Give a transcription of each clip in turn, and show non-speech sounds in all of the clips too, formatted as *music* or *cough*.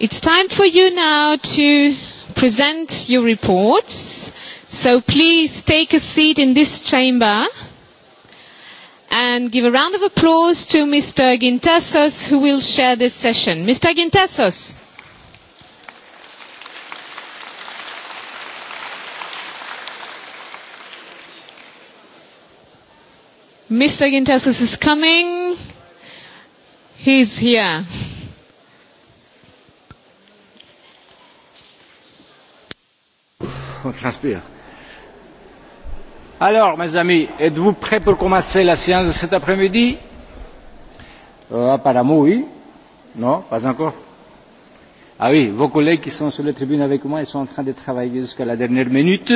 It's time for you now to present your reports. So please take a seat in this chamber and give a round of applause to Mr. Gintasos who will share this session. Mr. Gintasos. Mr. Gintasos is coming. He's here. *laughs* transpire. Alors, mes amis, êtes-vous prêts pour commencer la séance de cet après-midi euh, Apparemment, ah, oui. Non, pas encore. Ah oui, vos collègues qui sont sur la tribune avec moi, ils sont en train de travailler jusqu'à la dernière minute.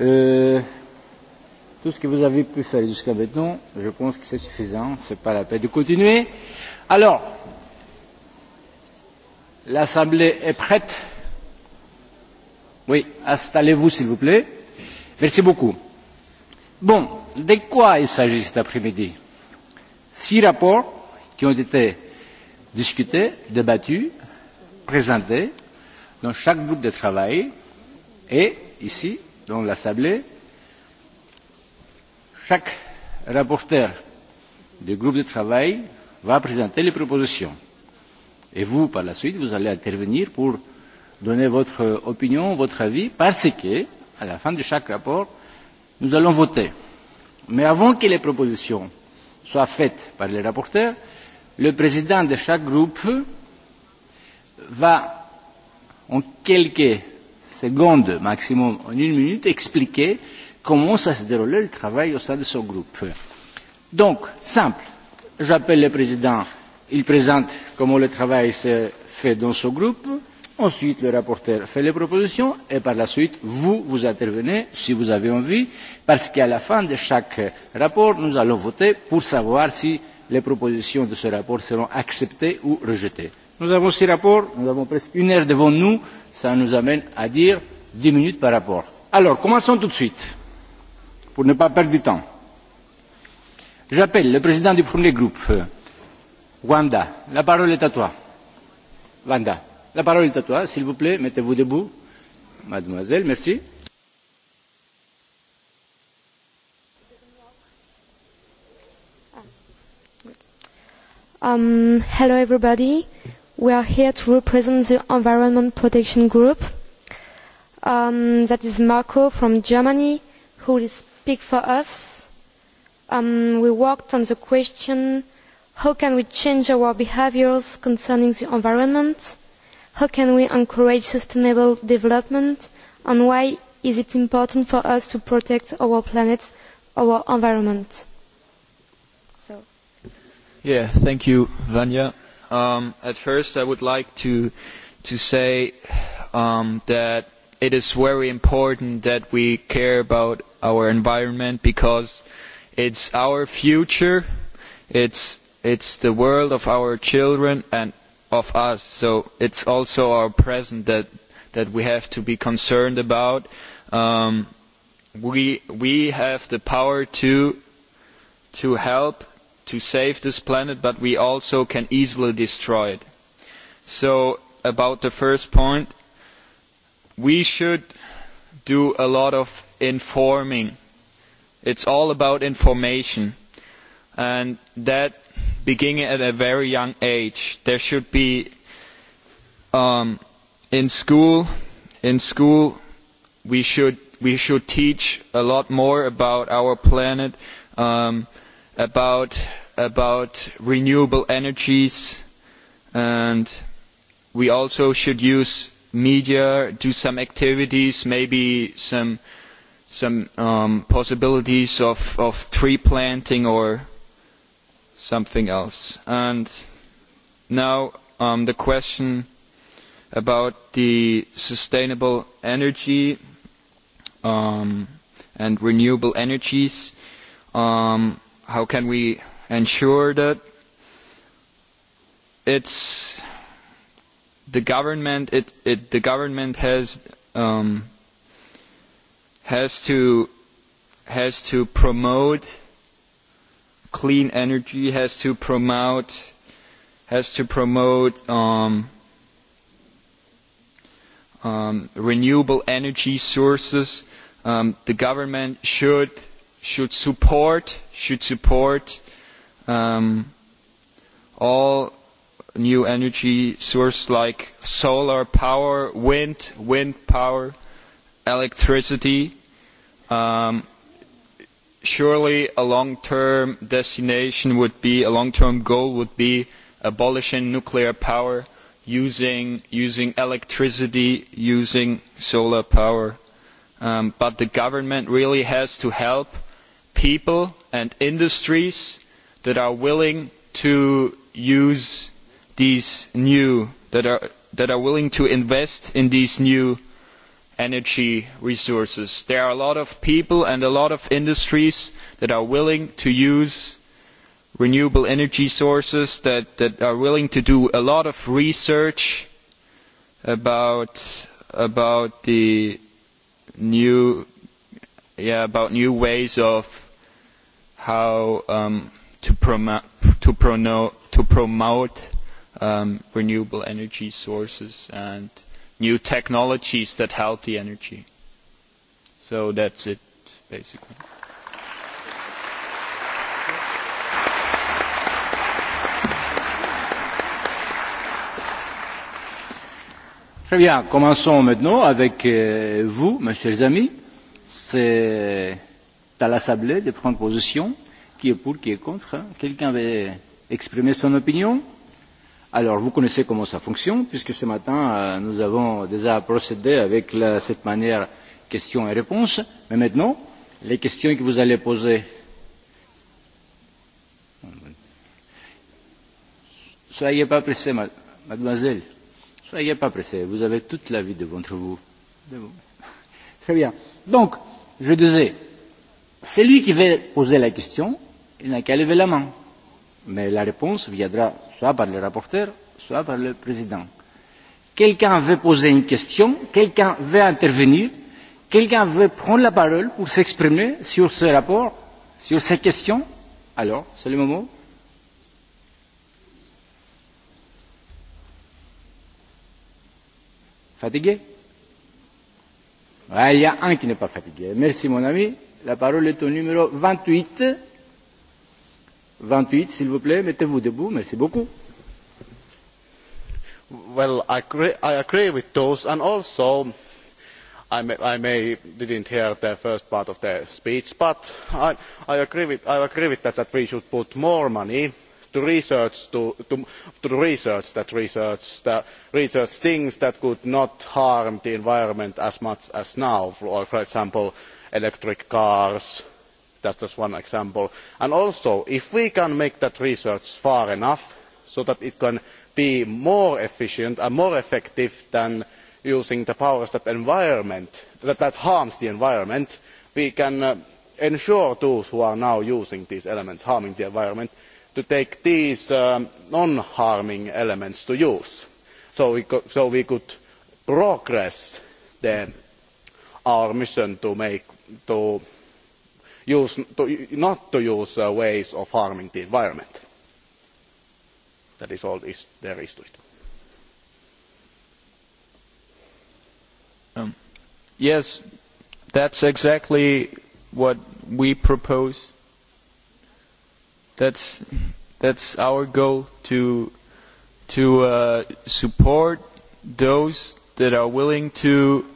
Euh, tout ce que vous avez pu faire jusqu'à maintenant, je pense que c'est suffisant. Ce n'est pas la peine de continuer. Alors, l'Assemblée est prête Oui, installez-vous s'il vous plaît. Merci beaucoup. Bon, de quoi il s'agit cet après-midi Six rapports qui ont été discutés, débattus, présentés dans chaque groupe de travail et ici, dans l'Assemblée, chaque rapporteur du groupe de travail va présenter les propositions. Et vous, par la suite, vous allez intervenir pour donner votre euh, opinion, votre avis, parce que, à la fin de chaque rapport, nous allons voter. Mais avant que les propositions soient faites par les rapporteurs, le président de chaque groupe va, en quelques secondes maximum, en une minute, expliquer comment ça se déroulait le travail au sein de son groupe. Donc, simple, j'appelle le président, il présente comment le travail se fait dans son groupe, Ensuite, le rapporteur fait les propositions et par la suite, vous, vous intervenez si vous avez envie, parce qu'à la fin de chaque rapport, nous allons voter pour savoir si les propositions de ce rapport seront acceptées ou rejetées. Nous avons six rapports, nous avons presque une heure devant nous, ça nous amène à dire dix minutes par rapport. Alors, commençons tout de suite, pour ne pas perdre du temps. J'appelle le président du premier groupe, Wanda. La parole est à toi. Wanda. La parole est à toi, s'il vous plaît, mettez-vous debout. Mademoiselle, merci. Um, hello everybody. We are here to represent the Environment Protection Group. Um, that is Marco from Germany who will speak for us. Um, we worked on the question how can we change our behaviors concerning the environment? How can we encourage sustainable development? And why is it important for us to protect our planet, our environment? So. Yeah, thank you, Vanya. Um, at first, I would like to, to say um, that it is very important that we care about our environment because it's our future, it's, it's the world of our children, and of us. So it's also our present that, that we have to be concerned about. Um, we, we have the power to, to help to save this planet, but we also can easily destroy it. So about the first point, we should do a lot of informing. It's all about information. And that beginning at a very young age. There should be um, in school in school we should we should teach a lot more about our planet, um, about about renewable energies, and we also should use media, do some activities, maybe some some um, possibilities of, of tree planting or something else. And now um, the question about the sustainable energy um, and renewable energies. Um, how can we ensure that? It's the government. It, it the government has um, has to has to promote clean energy has to promote has to promote um, um, renewable energy sources. Um, the government should should support should support um, all new energy sources like solar power, wind, wind power, electricity. Um, surely a long-term destination would be, a long-term goal would be abolishing nuclear power, using, using electricity, using solar power. Um, but the government really has to help people and industries that are willing to use these new, that are, that are willing to invest in these new energy resources. There are a lot of people and a lot of industries that are willing to use renewable energy sources, that, that are willing to do a lot of research about, about the new, yeah, about new ways of how um, to, promo to, prono to promote um, renewable energy sources and new technologies that help the energy. So that's it, basically. Très bien, commençons maintenant avec euh, vous, mes chers amis. C'est à l'Assemblée de prendre position qui est pour, qui est contre. Quelqu'un veut exprimer son opinion Alors, vous connaissez comment ça fonctionne, puisque ce matin, euh, nous avons déjà procédé avec la, cette manière questions et réponses. Mais maintenant, les questions que vous allez poser. Soyez pas pressés, mademoiselle. Soyez pas pressés. Vous avez toute la vie devant vous. *laughs* Très bien. Donc, je disais, celui qui veut poser la question, il n'a qu'à lever la main. Mais la réponse viendra soit par le rapporteur, soit par le président. Quelqu'un veut poser une question, quelqu'un veut intervenir, quelqu'un veut prendre la parole pour s'exprimer sur ce rapport, sur ces questions. Alors, c'est le moment. Fatigué ouais, Il y a un qui n'est pas fatigué. Merci mon ami. La parole est au numéro 28. 28, s'il vous plaît, mettez-vous debout. Merci beaucoup. Well, I agree, I agree with those, and also I may, I may didn't hear the first part of the speech, but I, I agree with I agree with that that we should put more money to research to, to, to research that research that research things that could not harm the environment as much as now, for, for example, electric cars, that is just one example. also if we can make that research far enough so that it can be more efficient and more effective than using the powers that, harm the environment we can uh, ensure those who are now using these elements harming the environment to take these um, non harming elements to use so we, could progress then our mission to make to use, to, not to use uh, ways of harming the environment. That is all is, there is to it. Um, yes, that's exactly what we propose. That's, that's our goal to, to uh, support those that are willing to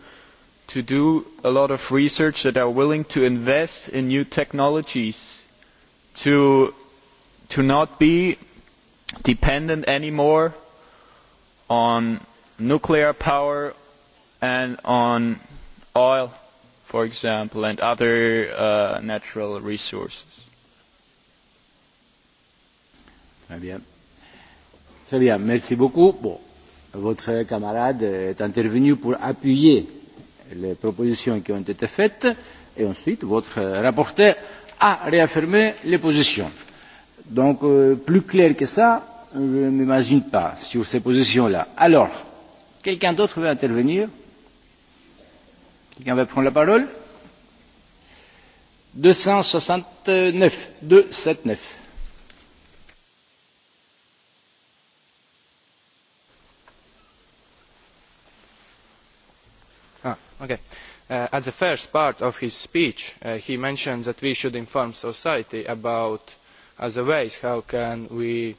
to do a lot of research that are willing to invest in new technologies to to not be dependent anymore on nuclear power and on oil for example and other uh, natural resources Très bien. Très bien, merci beaucoup. Bon, votre camarade est intervenu pour appuyer les propositions qui ont été faites et ensuite votre euh, rapporteur a réaffirmé les positions. Donc euh, plus clair que ça, je ne m'imagine pas sur ces positions-là. Alors, quelqu'un d'autre veut intervenir Quelqu'un veut prendre la parole 269, 279. Okay. Uh, at the first part of his speech, uh, he mentioned that we should inform society about other ways how can we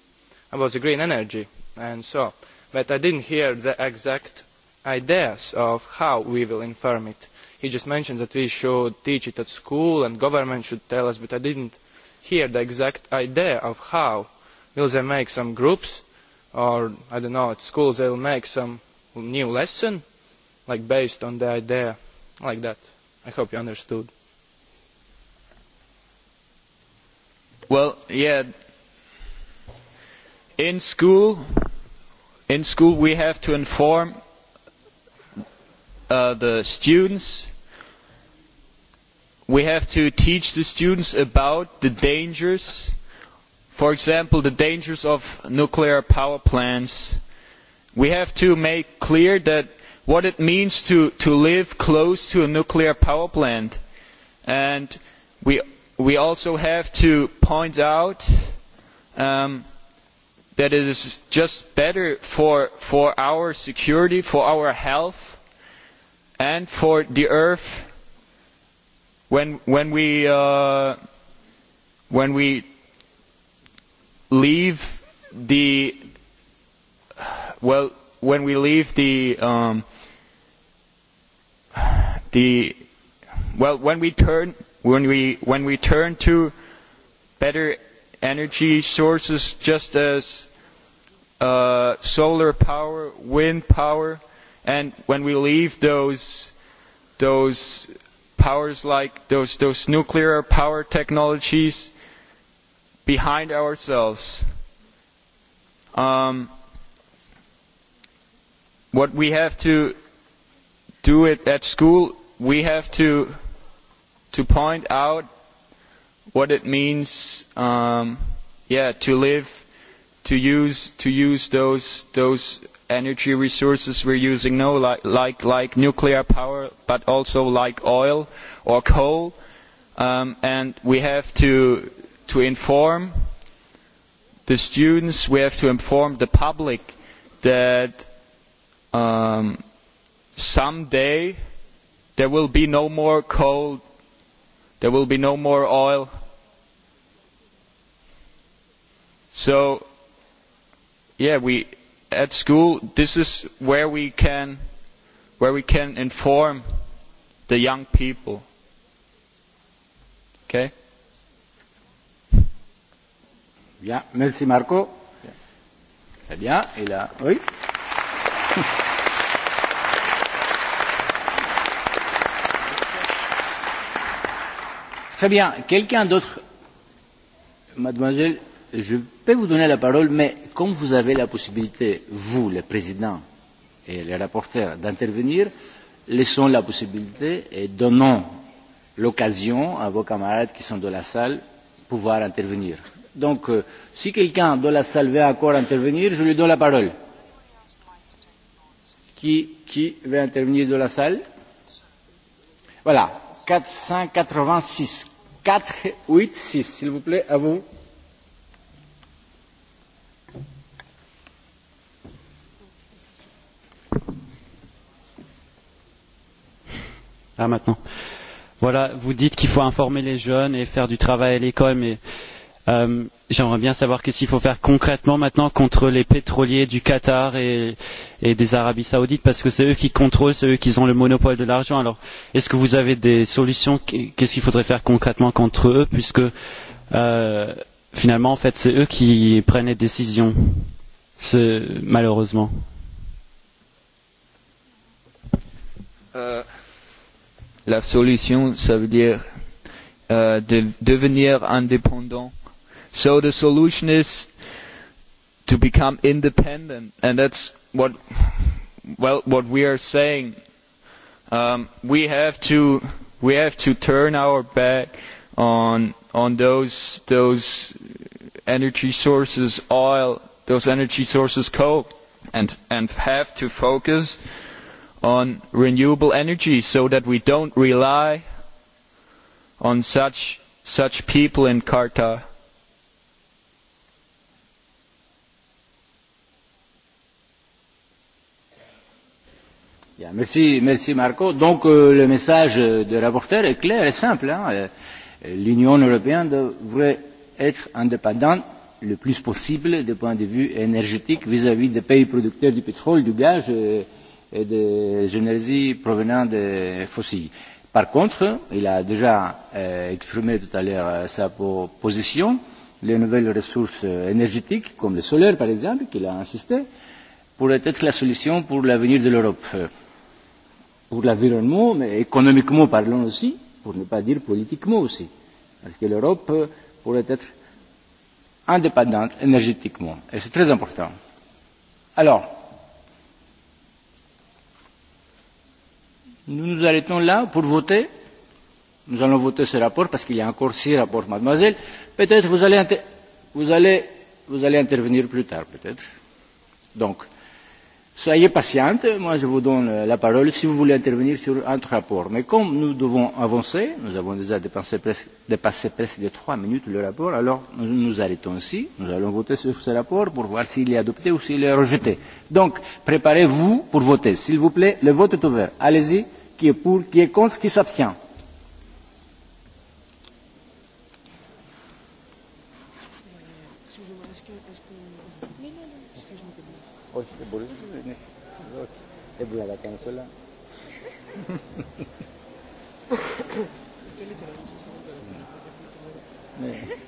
about the green energy and so. But I didn't hear the exact ideas of how we will inform it. He just mentioned that we should teach it at school and government should tell us, but I didn't hear the exact idea of how. Will they make some groups or, I don't know, at school they will make some new lesson like based on the idea like that. I hope you understood. Well, yeah. In school, in school we have to inform uh, the students. We have to teach the students about the dangers. For example, the dangers of nuclear power plants. We have to make clear that what it means to, to live close to a nuclear power plant. And we, we also have to point out um, that it is just better for, for our security, for our health, and for the earth when, when, we, uh, when we leave the, well, when we leave the, um, the well when we turn when we when we turn to better energy sources just as uh, solar power wind power and when we leave those those powers like those those nuclear power technologies behind ourselves um, what we have to do it at school, we have to to point out what it means um, yeah to live to use to use those those energy resources we're using now like like like nuclear power but also like oil or coal um, and we have to to inform the students we have to inform the public that um, someday there will be no more coal, there will be no more oil. So, yeah, we at school this is where we can where we can inform the young people. Okay? Bien, merci Marco. Très bien, et là, oui. *laughs* Très bien. Quelqu'un d'autre Mademoiselle, je peux vous donner la parole, mais comme vous avez la possibilité, vous, le président et les rapporteurs, d'intervenir, laissons la possibilité et donnons l'occasion à vos camarades qui sont dans la salle de pouvoir intervenir. Donc, euh, si quelqu'un dans la salle veut encore intervenir, je lui donne la parole. Qui, qui veut intervenir dans la salle Voilà, 486. 486, s'il vous plaît, à vous. Ah, maintenant. Voilà, vous dites qu'il faut informer les jeunes et faire du travail à l'école, mais euh, J'aimerais bien savoir qu'est-ce qu'il faut faire concrètement maintenant contre les pétroliers du Qatar et, et des Arabies Saoudites, parce que c'est eux qui contrôlent, c'est eux qui ont le monopole de l'argent. Alors, est-ce que vous avez des solutions Qu'est-ce qu'il faudrait faire concrètement contre eux, puisque euh, finalement, en fait, c'est eux qui prennent les décisions, malheureusement. Euh, la solution, ça veut dire euh, de devenir indépendant So the solution is to become independent, and that's what well what we are saying. Um, we have to we have to turn our back on on those those energy sources, oil, those energy sources, coal, and and have to focus on renewable energy so that we don't rely on such such people in Qatar. Yeah, merci, merci Marco. Donc euh, le message du rapporteur est clair et simple. Hein. Euh, L'Union européenne devrait être indépendante le plus possible du point de vue énergétique vis-à-vis -vis des pays producteurs du pétrole, du gaz euh, et des énergies provenant des fossiles. Par contre, il a déjà euh, exprimé tout à l'heure euh, sa position, les nouvelles ressources énergétiques, comme le solaire par exemple, qu'il a insisté, pourraient être la solution pour l'avenir de l'Europe pour l'environnement, mais économiquement parlant aussi, pour ne pas dire politiquement aussi, parce que l'Europe euh, pourrait être indépendante énergétiquement, et c'est très important. Alors, nous nous arrêtons là pour voter. Nous allons voter ce rapport parce qu'il y a encore six rapports, mademoiselle. Peut-être vous allez, vous allez, vous allez intervenir plus tard, peut-être. Donc, Soyez patiente, moi je vous donne la parole si vous voulez intervenir sur un rapport. Mais comme nous devons avancer, nous avons déjà dépassé presque, dépassé presque de trois minutes le rapport, alors nous nous arrêtons ici, nous allons voter sur ce rapport pour voir s'il est adopté ou s'il est rejeté. Donc, préparez-vous pour voter. S'il vous plaît, le vote est ouvert. Allez-y, qui est pour, qui est contre, qui s'abstient. E buia la canzola. Eh.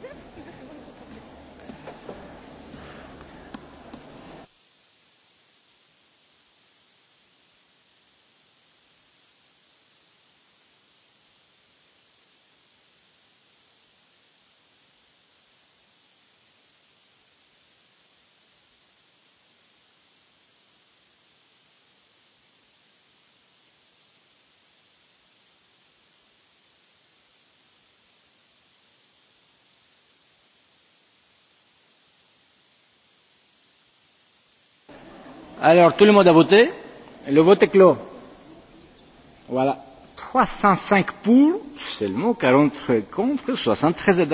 Alors, tout le monde a voté Le vote est clos. Voilà. 305 pour, seulement 40 contre, 73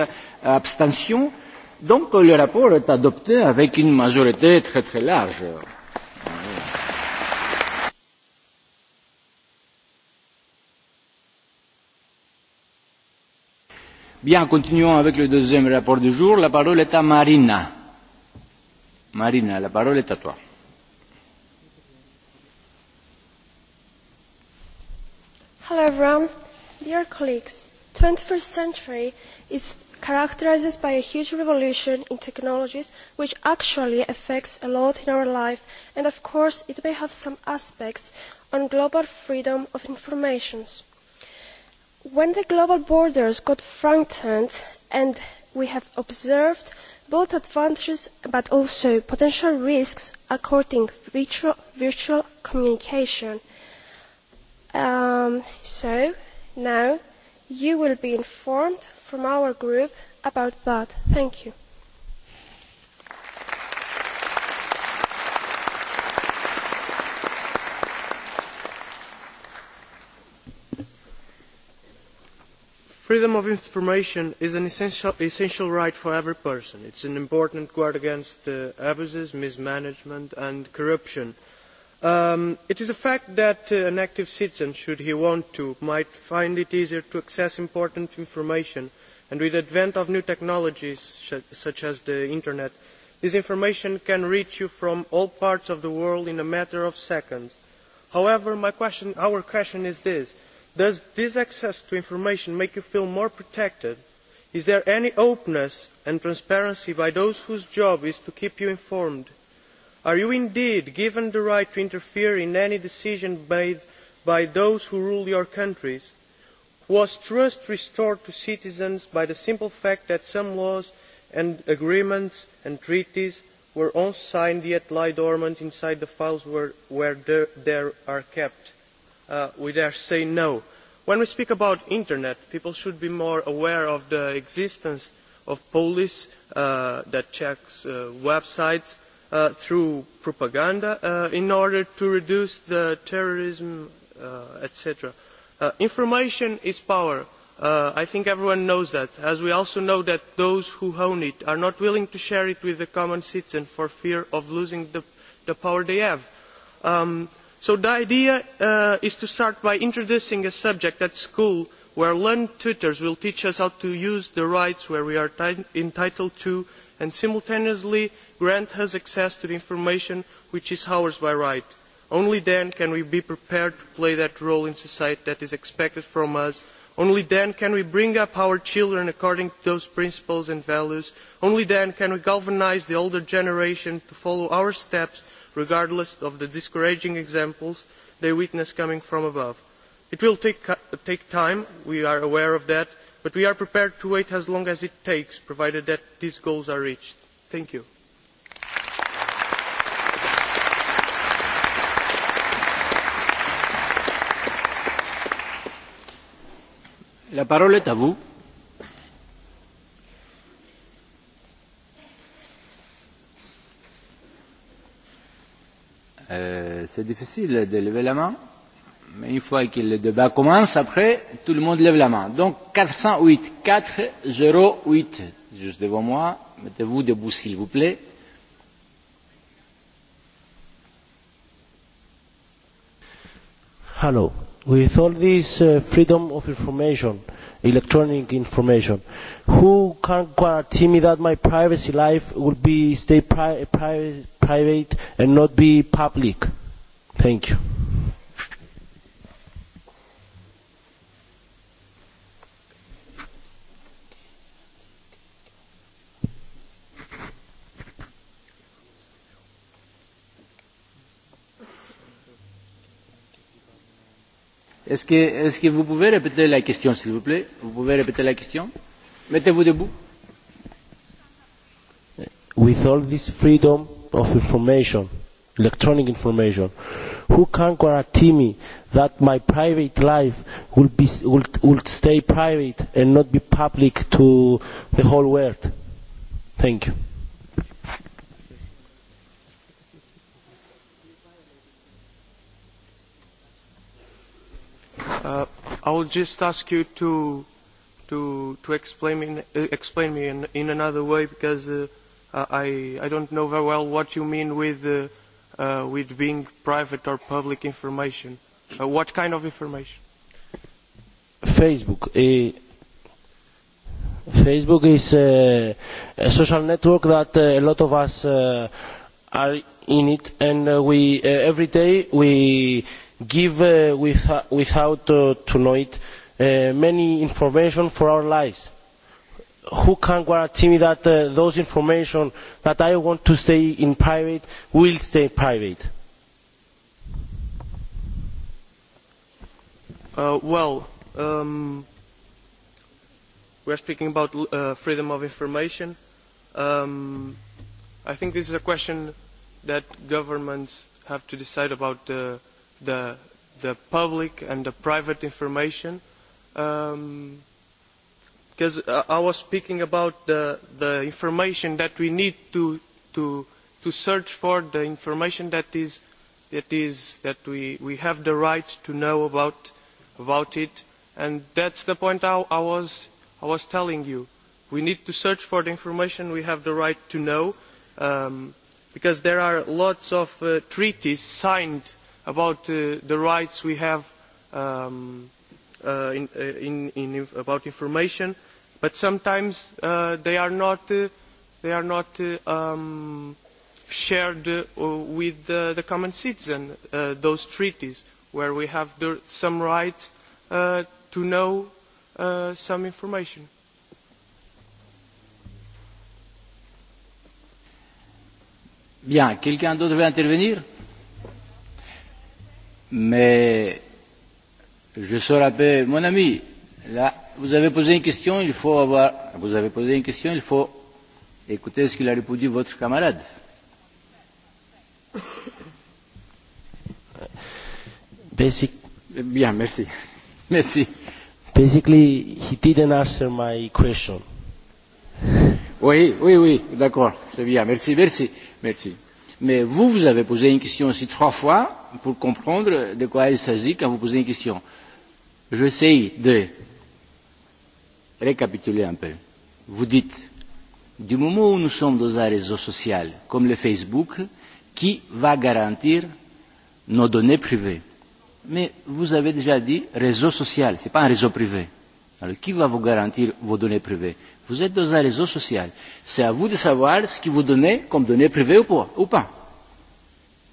abstentions. Donc, le rapport est adopté avec une majorité très très large. Bien, continuons avec le deuxième rapport du jour. La parole est à Marina. Marina, la parole est à toi. Hello everyone. Um, dear colleagues, 21st century is characterized by a huge revolution in technologies which actually affects a lot in our life and of course it may have some aspects on global freedom of information. When the global borders got strengthened and we have observed both advantages but also potential risks according to virtual, virtual communication – Um, so, now you will be informed from our group about that. Thank you. Freedom of information is an essential, essential right for every person. It's an important guard against uh, abuses, mismanagement and corruption. Um, it is a fact that uh, an active citizen, should he want to, might find it easier to access important information, and with the advent of new technologies such as the Internet, this information can reach you from all parts of the world in a matter of seconds. However, my question, our question is this. Does this access to information make you feel more protected? Is there any openness and transparency by those whose job is to keep you informed? Are you indeed given the right to interfere in any decision made by those who rule your countries? Was trust restored to citizens by the simple fact that some laws and agreements and treaties were all signed yet lie dormant inside the files where, where there, are kept? Uh, we dare say no. When we speak about internet, people should be more aware of the existence of police uh, that checks uh, websites uh, through propaganda uh, in order to reduce the terrorism, uh, etc. Uh, information is power. Uh, I think everyone knows that, as we also know that those who own it are not willing to share it with the common citizen for fear of losing the, the power they have. Um, so the idea uh, is to start by introducing a subject at school where learned tutors will teach us how to use the rights where we are entitled to and simultaneously grant us access to the information which is ours by right. Only then can we be prepared to play that role in society that is expected from us. Only then can we bring up our children according to those principles and values. Only then can we galvanise the older generation to follow our steps regardless of the discouraging examples they witness coming from above. It will take, uh, take time, we are aware of that, but we are prepared to wait as long as it takes, provided that these goals are reached. Thank you. La parole est à vous. Euh, c'est difficile de lever la main, mais une fois que le débat commence, après, tout le monde lève la main. Donc 408, 408, juste devant moi, mettez-vous debout s'il vous plaît. Hello with all this uh, freedom of information, electronic information, who can guarantee me that my privacy life will be stay pri pri private and not be public? Thank you. Est-ce que, est que vous pouvez répéter la question, s'il vous plaît Vous pouvez répéter la question Mettez-vous debout. With all this freedom of information, electronic information, who can guarantee me that my private life will, be, will, will stay private and not be public to the whole world? Thank you. Uh, I will just ask you to to to explain in, uh, explain me in, in another way because uh, uh, I I don't know very well what you mean with uh, uh, with being private or public information. Uh, what kind of information? Facebook. Uh, Facebook is uh, a social network that uh, a lot of us uh, are in it, and uh, we uh, every day we give uh, with, uh, without uh, to know it uh, many information for our lives. Who can guarantee me that uh, those information that I want to stay in private will stay private? Uh, well, um, are speaking about uh, freedom of information. Um, I think this is a question that governments have to decide about uh, the, the public and the private information. Um, because uh, I was speaking about the, the information that we need to, to, to search for, the information that is, that, is, that we, we have the right to know about, about it. And that's the point I, I, was, I was telling you. We need to search for the information we have the right to know, um, because there are lots of uh, treaties signed about uh, the rights we have um, uh, in, uh, in, in, about information, but sometimes uh, they are not, uh, they are not uh, um, shared uh, with uh, the common citizen, uh, those treaties where we have the, some rights uh, to know uh, some information. Bien, quelqu'un d'autre veut intervenir Mais je serai peu mon ami. Là, vous avez posé une question, il faut avoir. Vous avez posé une question, il faut écouter ce qu'il a répondu votre camarade. Basic. Bien, merci. Merci. Basically, he didn't answer my question. Oui, oui, oui, d'accord, c'est bien, merci, merci, merci. Mais vous, vous avez posé une question aussi trois fois, pour comprendre de quoi il s'agit quand vous posez une question. J'essaie de récapituler un peu. Vous dites, du moment où nous sommes dans un réseau social comme le Facebook, qui va garantir nos données privées Mais vous avez déjà dit réseau social, ce n'est pas un réseau privé. Alors qui va vous garantir vos données privées Vous êtes dans un réseau social. C'est à vous de savoir ce que vous donnez comme données privées ou pas. Ou pas.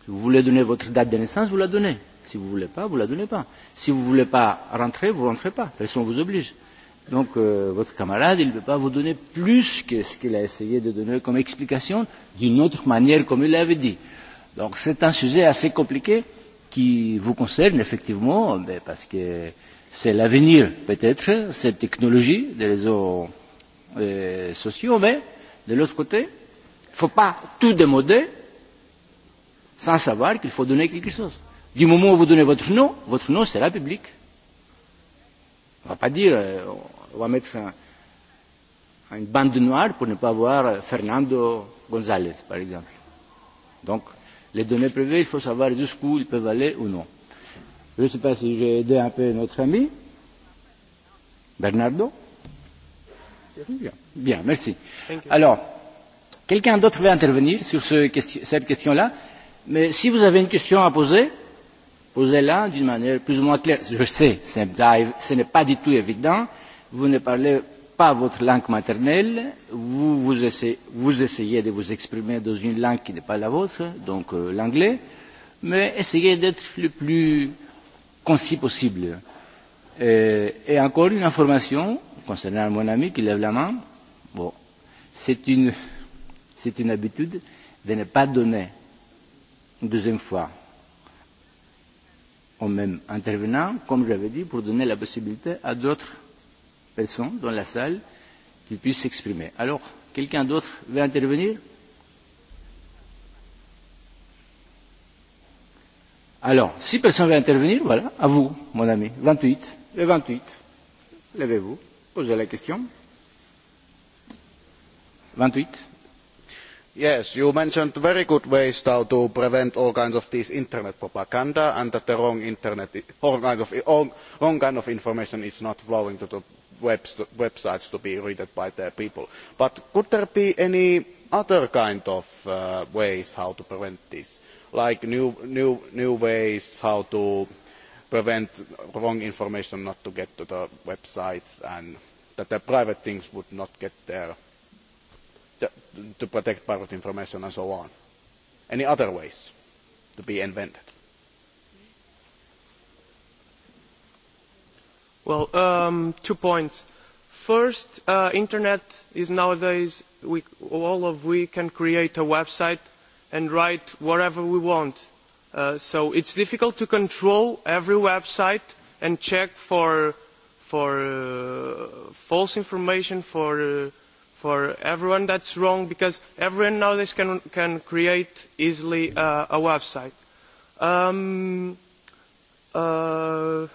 Si vous voulez donner votre date de naissance, vous la donnez. Si vous ne voulez pas, vous ne la donnez pas. Si vous ne voulez pas rentrer, vous ne rentrez pas. Personne ne vous oblige. Donc euh, votre camarade, il ne peut pas vous donner plus que ce qu'il a essayé de donner comme explication d'une autre manière comme il l'avait dit. Donc c'est un sujet assez compliqué qui vous concerne effectivement mais parce que c'est l'avenir peut-être, cette technologie des réseaux euh, sociaux, mais de l'autre côté, il ne faut pas tout démoder sans savoir qu'il faut donner quelque chose. Du moment où vous donnez votre nom, votre nom sera public. On ne va pas dire, euh, on va mettre un, une bande noire pour ne pas voir euh, Fernando González, par exemple. Donc, les données privées, il faut savoir jusqu'où ils peuvent aller ou non. Je ne sais pas si j'ai aidé un peu notre ami. Bernardo Bien, Bien merci. Alors, quelqu'un d'autre veut intervenir sur ce, cette question-là Mais si vous avez une question à poser, posez-la d'une manière plus ou moins claire. Je sais, ce n'est pas du tout évident. Vous ne parlez pas votre langue maternelle. Vous, vous, essayez, vous essayez de vous exprimer dans une langue qui n'est pas la vôtre, donc euh, l'anglais. Mais essayez d'être le plus concis possible. Euh, et encore une information concernant mon ami qui lève la main. Bon, c'est une, une habitude de ne pas donner une deuxième fois au même intervenant, comme j'avais dit, pour donner la possibilité à d'autres personnes dans la salle qu'ils puissent s'exprimer. Alors, quelqu'un d'autre veut intervenir Alors, si personne veut intervenir, voilà, à vous, mon ami, 28, le 28, levez-vous, posez la question. 28. Yes, you mentioned very good ways how to prevent all kinds of this internet propaganda and that the wrong internet, kind of, wrong kind of information is not flowing to the websites to be read by the people. But could there be any other kind of uh, ways how to prevent this? Like new, new ways how to prevent wrong information not to get to the websites and that the private things would not get there? to protect private information and so on. Any other ways to be invented? Well, um, two points. First, uh, internet is nowadays, we, all of we can create a website and write whatever we want. Uh, so it's difficult to control every website and check for, for uh, false information, for uh, for everyone that's wrong because everyone nowadays can, can create easily uh, a website. Um, uh,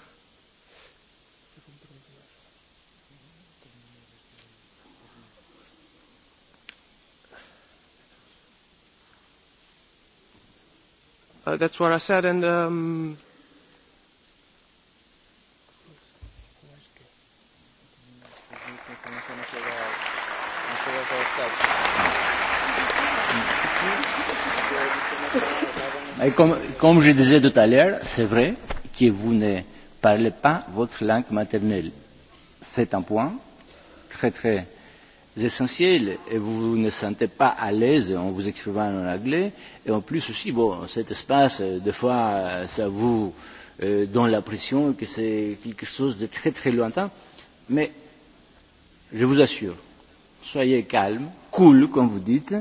uh, that's what I said, and um, Et comme, comme je disais tout à l'heure, c'est vrai que vous ne parlez pas votre langue maternelle. C'est un point très très essentiel et vous ne sentez pas à l'aise en vous exprimant en anglais et en plus aussi bon cet espace euh, des fois euh, ça vous euh, donne l'impression que c'est quelque chose de très très lointain mais je vous assure soyez calme, cool, comme vous dites,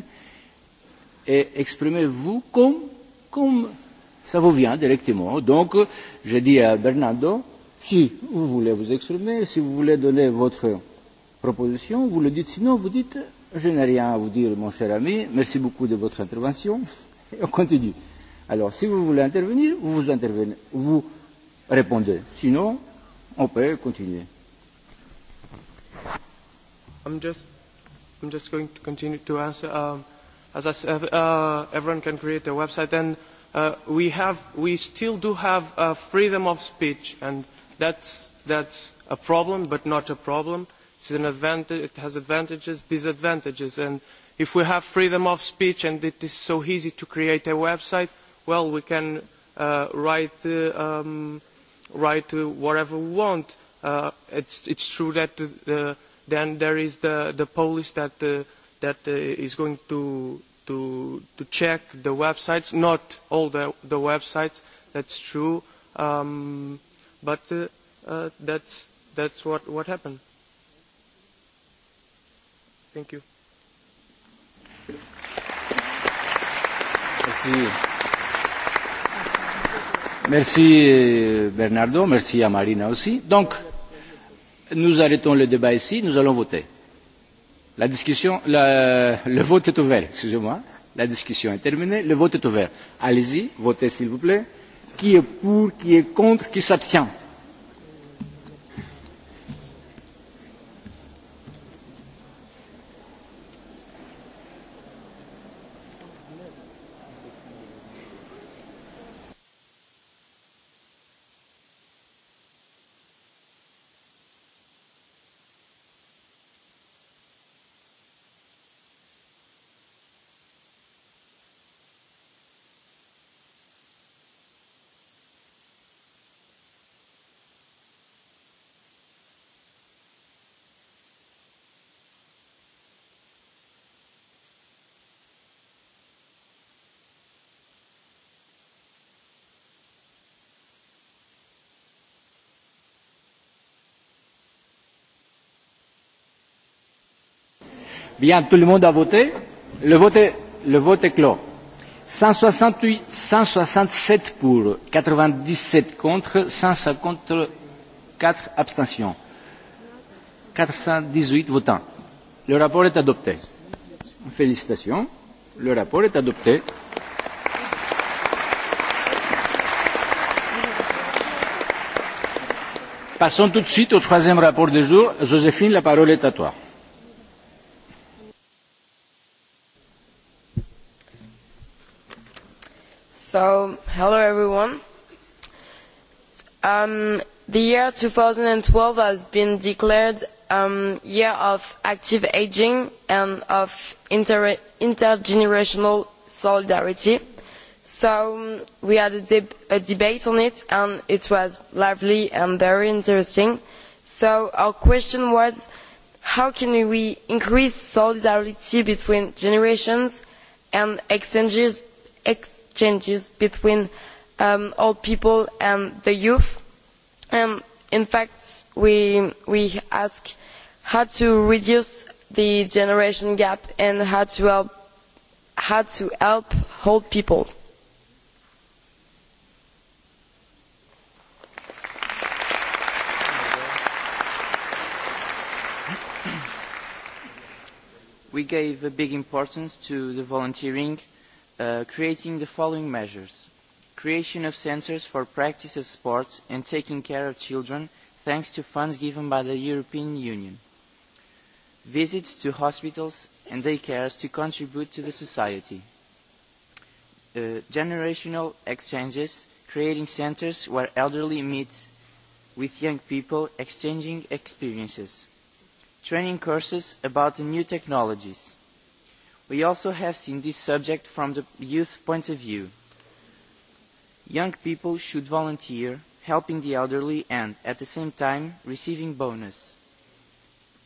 et exprimez-vous comme, comme ça vous vient directement. Donc, je dis à Bernardo, si vous voulez vous exprimer, si vous voulez donner votre proposition, vous le dites. Sinon, vous dites, je n'ai rien à vous dire, mon cher ami, merci beaucoup de votre intervention, et on continue. Alors, si vous voulez intervenir, vous vous intervenez, vous répondez. Sinon, on peut continuer. I'm just I'm just going to continue to answer. Um, as I said, uh, everyone can create a website, and uh, we, have, we still do have uh, freedom of speech, and that's, that's a problem, but not a problem. It's an advantage, it has advantages, disadvantages, and if we have freedom of speech and it is so easy to create a website, well, we can uh, write, uh, um, write uh, whatever we want. Uh, it's, it's true that the, the Then there is the, the police that, uh, that uh, is going to, to, to check the websites, not all the, the websites, that's true, um, but uh, uh, that's, that's what, what happened. Thank you. Merci. Merci Bernardo, merci à Marina aussi. Donc, Nous arrêtons le débat ici, nous allons voter. La discussion, la, le vote est ouvert, excusez-moi. La discussion est terminée, le vote est ouvert. Allez-y, votez s'il vous plaît. Qui est pour, qui est contre, qui s'abstient Bien, tout le monde a voté. Le vote, le vote est clos. 168, 167 pour, 97 contre, 154 abstentions. 418 votants. Le rapport est adopté. Félicitations. Le rapport est adopté. Passons tout de suite au troisième rapport du jour. Joséphine, la parole est à toi. So, hello everyone. Um, the year 2012 has been declared um, year of active aging and of inter intergenerational solidarity. So um, we had a, deb a debate on it and it was lively and very interesting. So our question was how can we increase solidarity between generations and exchanges, ex changes between um, old people and the youth. Um, in fact, we, we ask how to reduce the generation gap and how to help, how to help old people. We gave a big importance to the volunteering Uh, creating the following measures. Creation of centres for practice of sport and taking care of children thanks to funds given by the European Union. Visits to hospitals and daycares to contribute to the society. Uh, generational exchanges, creating centres where elderly meet with young people exchanging experiences. Training courses about the new technologies We also have seen this subject from the youth point of view. Young people should volunteer, helping the elderly and, at the same time, receiving bonus.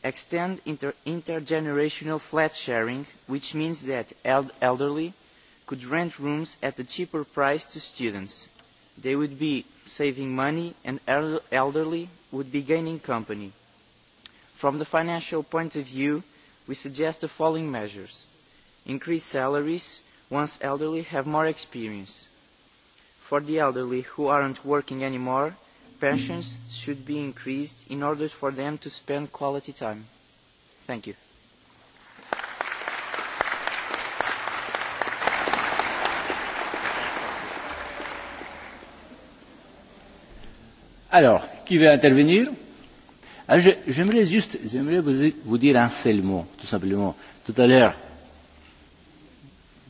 Extend inter intergenerational flat sharing, which means that el elderly could rent rooms at a cheaper price to students. They would be saving money and el elderly would be gaining company. From the financial point of view, we suggest the following measures increase salaries once elderly have more experience. For the elderly who aren't working anymore, pensions should be increased in order for them to spend quality time. Thank you. Alors, qui veut intervenir ah, J'aimerais juste vous, vous dire un seul mot, tout simplement. Tout à l'heure,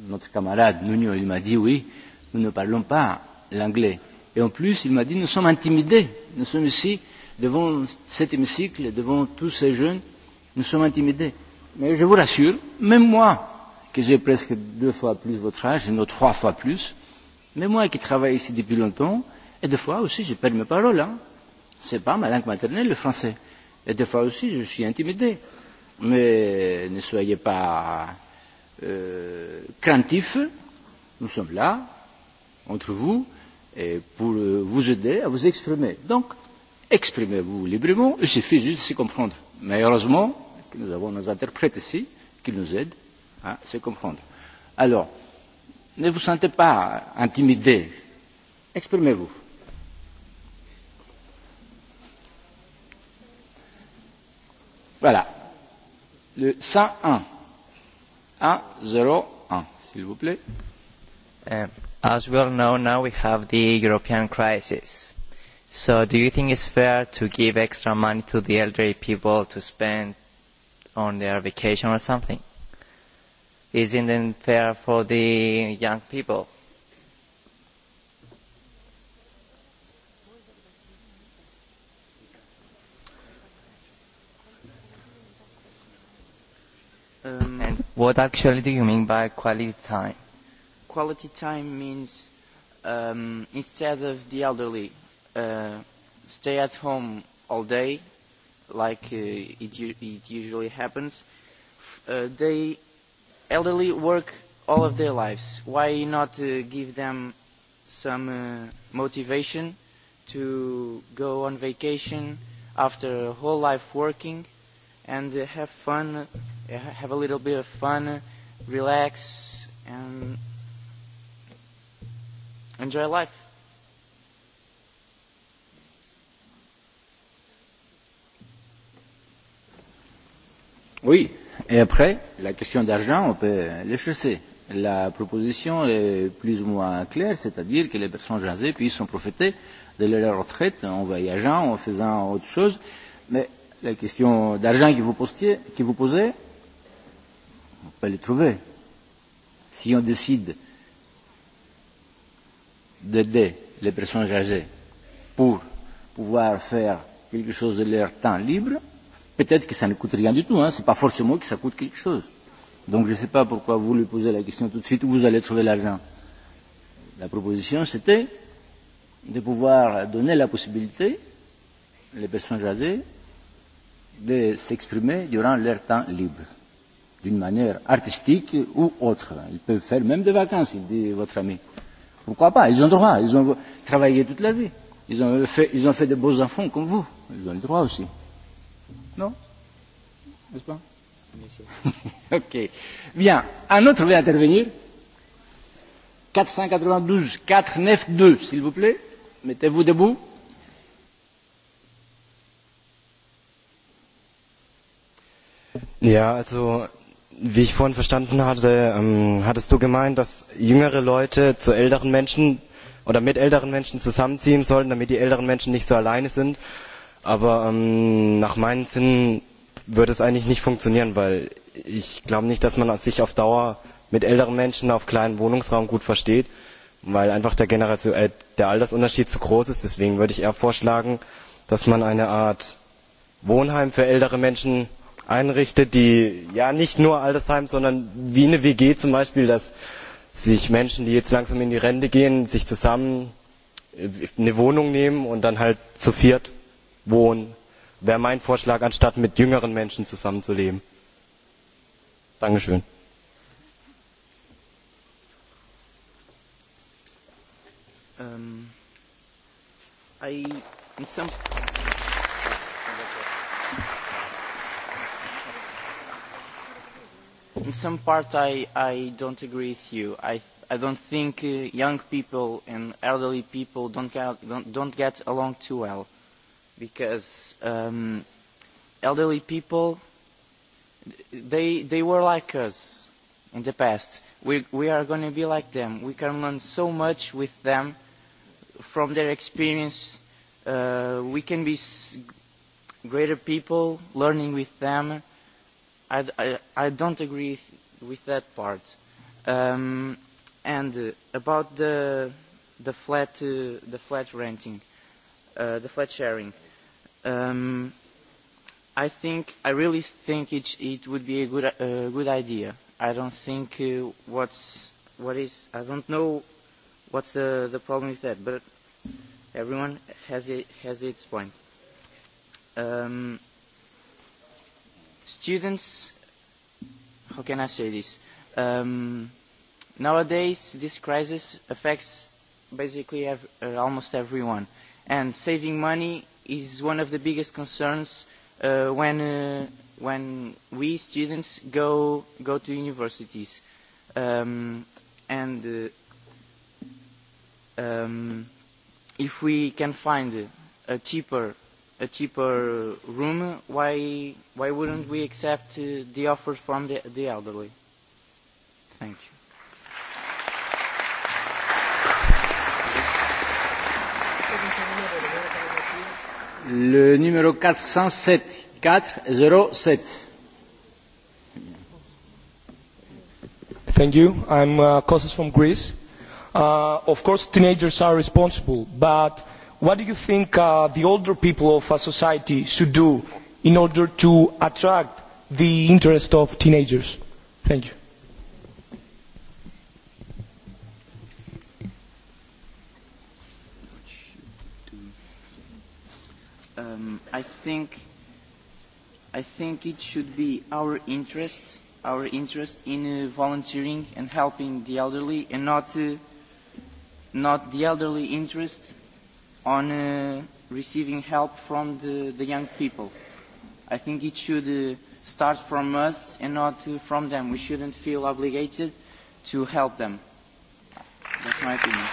notre camarade Nuno, il m'a dit oui, nous ne parlons pas l'anglais. Et en plus, il m'a dit nous sommes intimidés. Nous sommes ici, devant cet hémicycle, devant tous ces jeunes, nous sommes intimidés. Mais je vous rassure, même moi, que j'ai presque deux fois plus votre âge, et non trois fois plus, même moi qui travaille ici depuis longtemps, et des fois aussi je perds mes paroles. Hein. n'est pas ma langue maternelle, le français. Et des fois aussi je suis intimidé. Mais ne soyez pas Euh, craintif, craintifs, nous sommes là, entre vous, et pour euh, vous aider à vous exprimer. Donc, exprimez-vous librement, il suffit juste de se comprendre. Mais heureusement, que nous avons nos interprètes ici qui nous aident à se comprendre. Alors, ne vous sentez pas intimidé, exprimez-vous. Voilà. Le 101 s'il vous plaît. Uh, as we all know, now we have the European crisis. So do you think it's fair to give extra money to the elderly people to spend on their vacation or something? Isn't it fair for the young people? What actually do you mean by quality time? Quality time means um, instead of the elderly uh, stay at home all day, like uh, it, it usually happens, uh, they elderly work all of their lives. Why not uh, give them some uh, motivation to go on vacation after a whole life working and uh, have fun have a little bit of fun, relax, and enjoy life. Oui, et après, la question d'argent, on peut l'échasser. La proposition est plus ou moins claire, c'est-à-dire que les personnes jasées puissent en profiter de leur retraite en voyageant, en faisant autre chose. Mais la question d'argent que vous posiez, que vous posez on peut les trouver. Si on décide d'aider les personnes âgées pour pouvoir faire quelque chose de leur temps libre, peut-être que ça ne coûte rien du tout, hein, ce n'est pas forcément que ça coûte quelque chose. Donc je ne sais pas pourquoi vous lui posez la question tout de suite où vous allez trouver l'argent. La proposition, c'était de pouvoir donner la possibilité les personnes âgées de s'exprimer durant leur temps libre d'une manière artistique ou autre. Ils peuvent faire même des vacances, il dit votre ami. Pourquoi pas Ils ont droit, ils ont travaillé toute la vie. Ils ont fait, ils ont fait de beaux enfants comme vous. Ils ont le droit aussi. Non N'est-ce pas *laughs* Ok. Bien. Un autre veut intervenir 492, 492, s'il vous plaît. Mettez-vous debout. Ja, also wie ich vorhin verstanden hatte, ähm, hattest du gemeint, dass jüngere Leute zu älteren Menschen oder mit älteren Menschen zusammenziehen sollen, damit die älteren Menschen nicht so alleine sind. Aber ähm, nach meinen Sinnen würde es eigentlich nicht funktionieren, weil ich glaube nicht, dass man sich auf Dauer mit älteren Menschen auf kleinem Wohnungsraum gut versteht, weil einfach der, Generation, äh, der Altersunterschied zu groß ist. Deswegen würde ich eher vorschlagen, dass man eine Art Wohnheim für ältere Menschen einrichtet, die ja nicht nur Altersheim, sondern wie eine WG zum Beispiel, dass sich Menschen, die jetzt langsam in die Rente gehen, sich zusammen äh, eine Wohnung nehmen und dann halt zu viert wohnen. Wäre mein Vorschlag, anstatt mit jüngeren Menschen zusammenzuleben. Dankeschön. Um, I, in some in some part I, I don't agree with you. I, th I don't think uh, young people and elderly people don't get, don't, don't get along too well because um, elderly people, they, they were like us in the past. We, we are going to be like them. We can learn so much with them from their experience. Uh, we can be s greater people learning with them I, I, I don't agree th with that part. Um, and uh, about the, the, flat, uh, the flat renting, uh, the flat sharing, um, I think, I really think it, it would be a good, uh, good idea. I don't think uh, what's, what is, I don't know what's the, the problem with that, but everyone has, it, has its point. Um, students, how can I say this? Um, nowadays, this crisis affects basically ev uh, almost everyone. And saving money is one of the biggest concerns uh, when, uh, when we students go, go to universities. Um, and uh, um, if we can find a cheaper a cheaper room, why, why wouldn't we accept uh, the offers from the, the elderly? Thank you. Le numéro 407, 407. Thank you. I'm uh, Kostas from Greece. Uh, of course, teenagers are responsible, but what do you think uh, the older people of a society should do in order to attract the interest of teenagers? Thank you. Um, I think I think it should be our interest, our interest in uh, volunteering and helping the elderly, and not uh, not the elderly interest on uh, receiving help from the, the young people. I think it should uh, start from us and not uh, from them. We shouldn't feel obligated to help them. That's my opinion.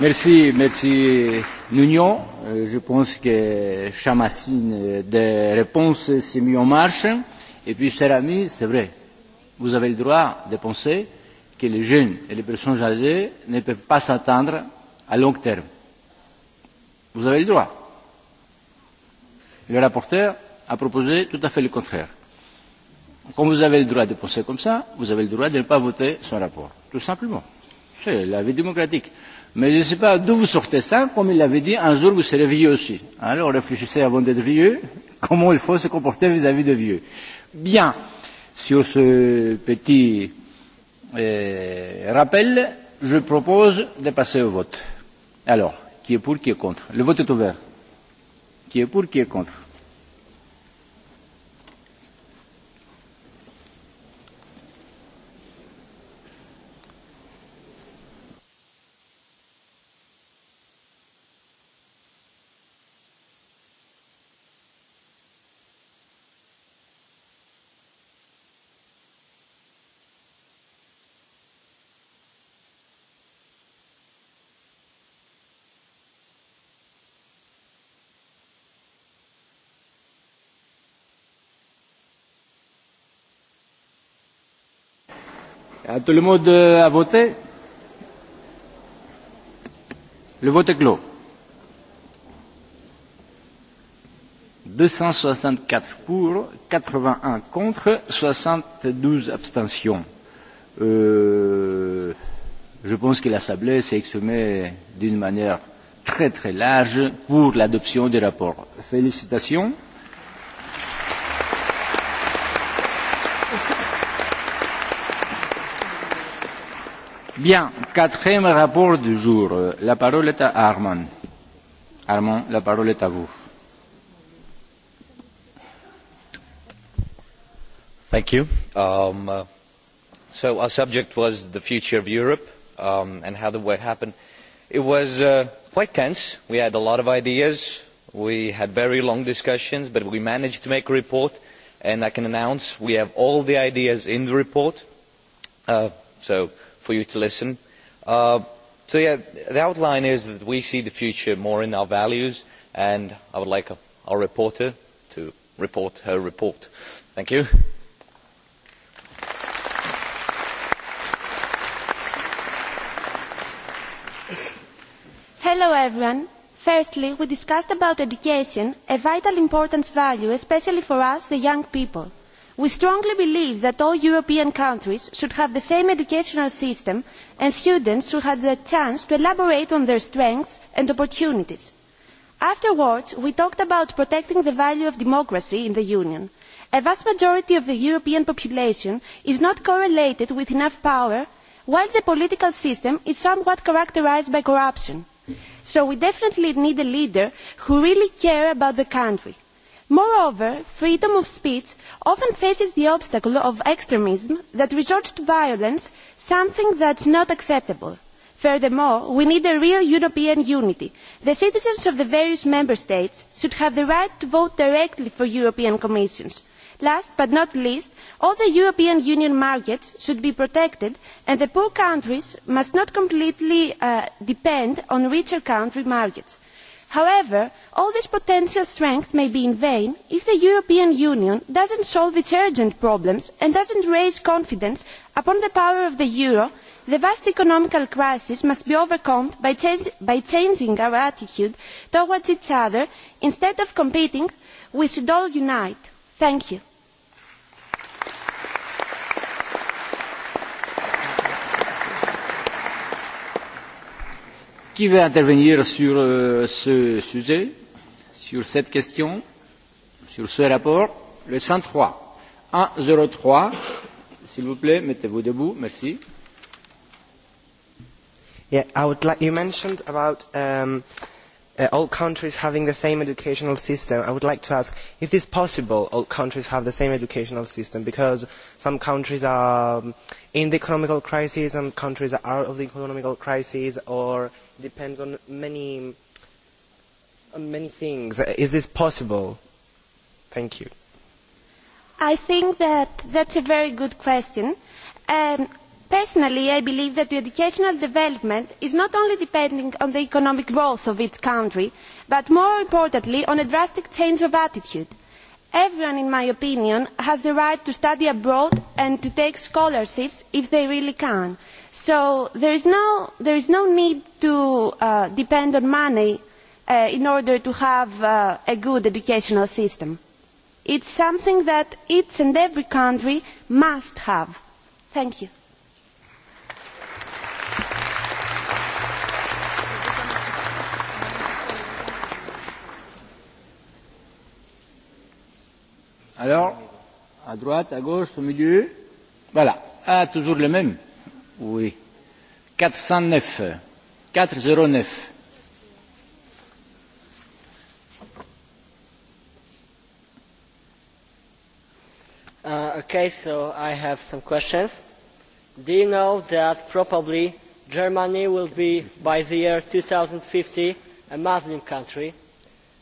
Merci, merci Nuno. Euh, je pense que Chamassine euh, de réponse s'est mis en marche. Et puis, cher ami, c'est vrai, vous avez le droit de penser que les jeunes et les personnes âgées ne peuvent pas s'attendre à long terme. Vous avez le droit. Le rapporteur a proposé tout à fait le contraire. Quand vous avez le droit de penser comme ça, vous avez le droit de ne pas voter son rapport, tout simplement. C'est la vie démocratique. Mais je ne sais pas d'où vous sortez ça, comme il l'avait dit, un jour vous serez vieux aussi. Alors réfléchissez avant d'être vieux, *laughs* comment il faut se comporter vis-à-vis -vis de vieux. Bien, sur ce petit euh, rappel, je propose de passer au vote. Alors, qui est pour, qui est contre Le vote est ouvert. Qui est pour, qui est contre Tout le monde euh, a voté Le vote est clos. 264 pour, 81 contre, 72 abstentions. Euh, je pense que l'Assemblée s'est exprimée d'une manière très très large pour l'adoption du rapport. Félicitations. Bien, quatrième rapport du jour. La parole est à Armand. Armand, la parole est à vous. Thank you. Um, uh, so our subject was the future of Europe um, and how the way happened. It was uh, quite tense. We had a lot of ideas. We had very long discussions, but we managed to make a report. And I can announce we have all the ideas in the report. Uh, so for you to listen. Uh, so yeah, the outline is that we see the future more in our values and I would like our reporter to report her report. Thank you. Hello everyone. Firstly, we discussed about education, a vital importance value, especially for us, the young people. We strongly believe that all European countries should have the same educational system and students should have the chance to elaborate on their strengths and opportunities. Afterwards, we talked about protecting the value of democracy in the Union. A vast majority of the European population is not correlated with enough power, while the political system is somewhat characterised by corruption. So we definitely need a leader who really cares about the country Moreover, freedom of speech often faces the obstacle of extremism that resorts to violence, something that is not acceptable. Furthermore, we need a real European unity. The citizens of the various member states should have the right to vote directly for European commissions. Last but not least, all the European Union markets should be protected and the poor countries must not completely uh, depend on richer country markets. However, all this potential strength may be in vain if the European Union does not solve its urgent problems and does not raise confidence upon the power of the euro. The vast economic crisis must be overcome by, change, by changing our attitude towards each other. Instead of competing, we should all unite. Thank you. Qui veut intervenir sur euh, ce sujet, sur cette question, sur ce rapport Le 103. 103, s'il vous plaît, mettez-vous debout. Merci. Yeah, I would like, you mentioned about um, uh, all countries having the same educational system. I would like to ask if it is possible all countries have the same educational system because some countries are um, in the economical crisis, some countries are out of the economical crisis or depends on many, on many things. Is this possible? Thank you. I think that that's a very good question. Um, personally, I believe that the educational development is not only depending on the economic growth of each country, but more importantly on a drastic change of attitude. Everyone, in my opinion, has the right to study abroad and to take scholarships if they really can. So there is no, there is no need to uh, depend on money uh, in order to have uh, a good educational system. It's something that each and every country must have. Thank you. Alors, à droite, à gauche, au milieu, voilà. Ah, toujours le même. Oui. 409. 409. Uh, okay, so I have some questions. Do you know that probably Germany will be, by the year 2050, a Muslim country?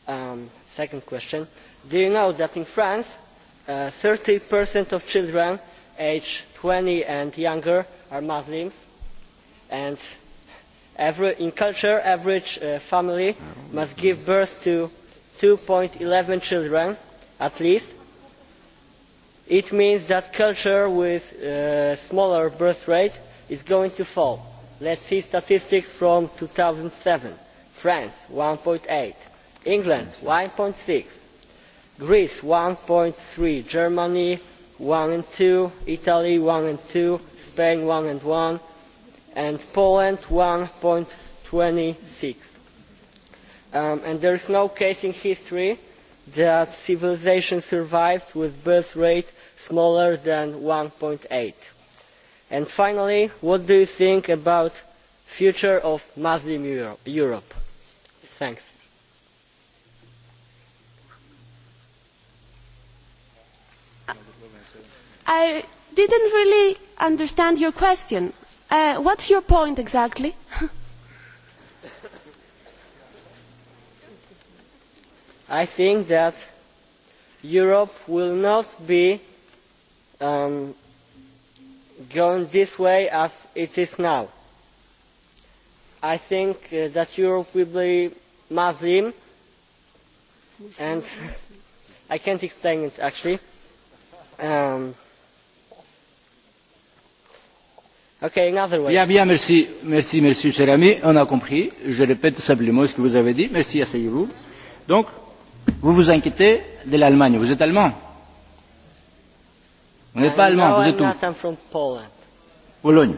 Um, second question. Do you know that in France, uh, 30% of children aged 20 and younger are Muslim, and every, in culture, average uh, family must give birth to 2.11 children at least. It means that culture with uh, smaller birth rate is going to fall. Let's see statistics from 2007. France, 1.8. England, 1.6. Greece, 1.3. Germany, 1 and 2. Italy, 1 and 2. Spain 1 and 1 and Poland 1.26. Um, and there is no case in history that civilization survives with birth rate smaller than 1.8. And finally, what do you think about future of Muslim Euro Europe? Thanks. I didn't really understand your question. Uh, what's your point exactly? *laughs* I think that Europe will not be um, going this way as it is now. I think uh, that Europe will be Muslim and *laughs* I can't explain it actually. Um, Okay, another way. Bien, bien, merci, merci, merci, cher ami. On a compris. Je répète tout simplement ce que vous avez dit. Merci, asseyez-vous. Donc, vous vous inquiétez de l'Allemagne. Vous êtes allemand Vous n'êtes pas allemand, vous êtes où Pologne.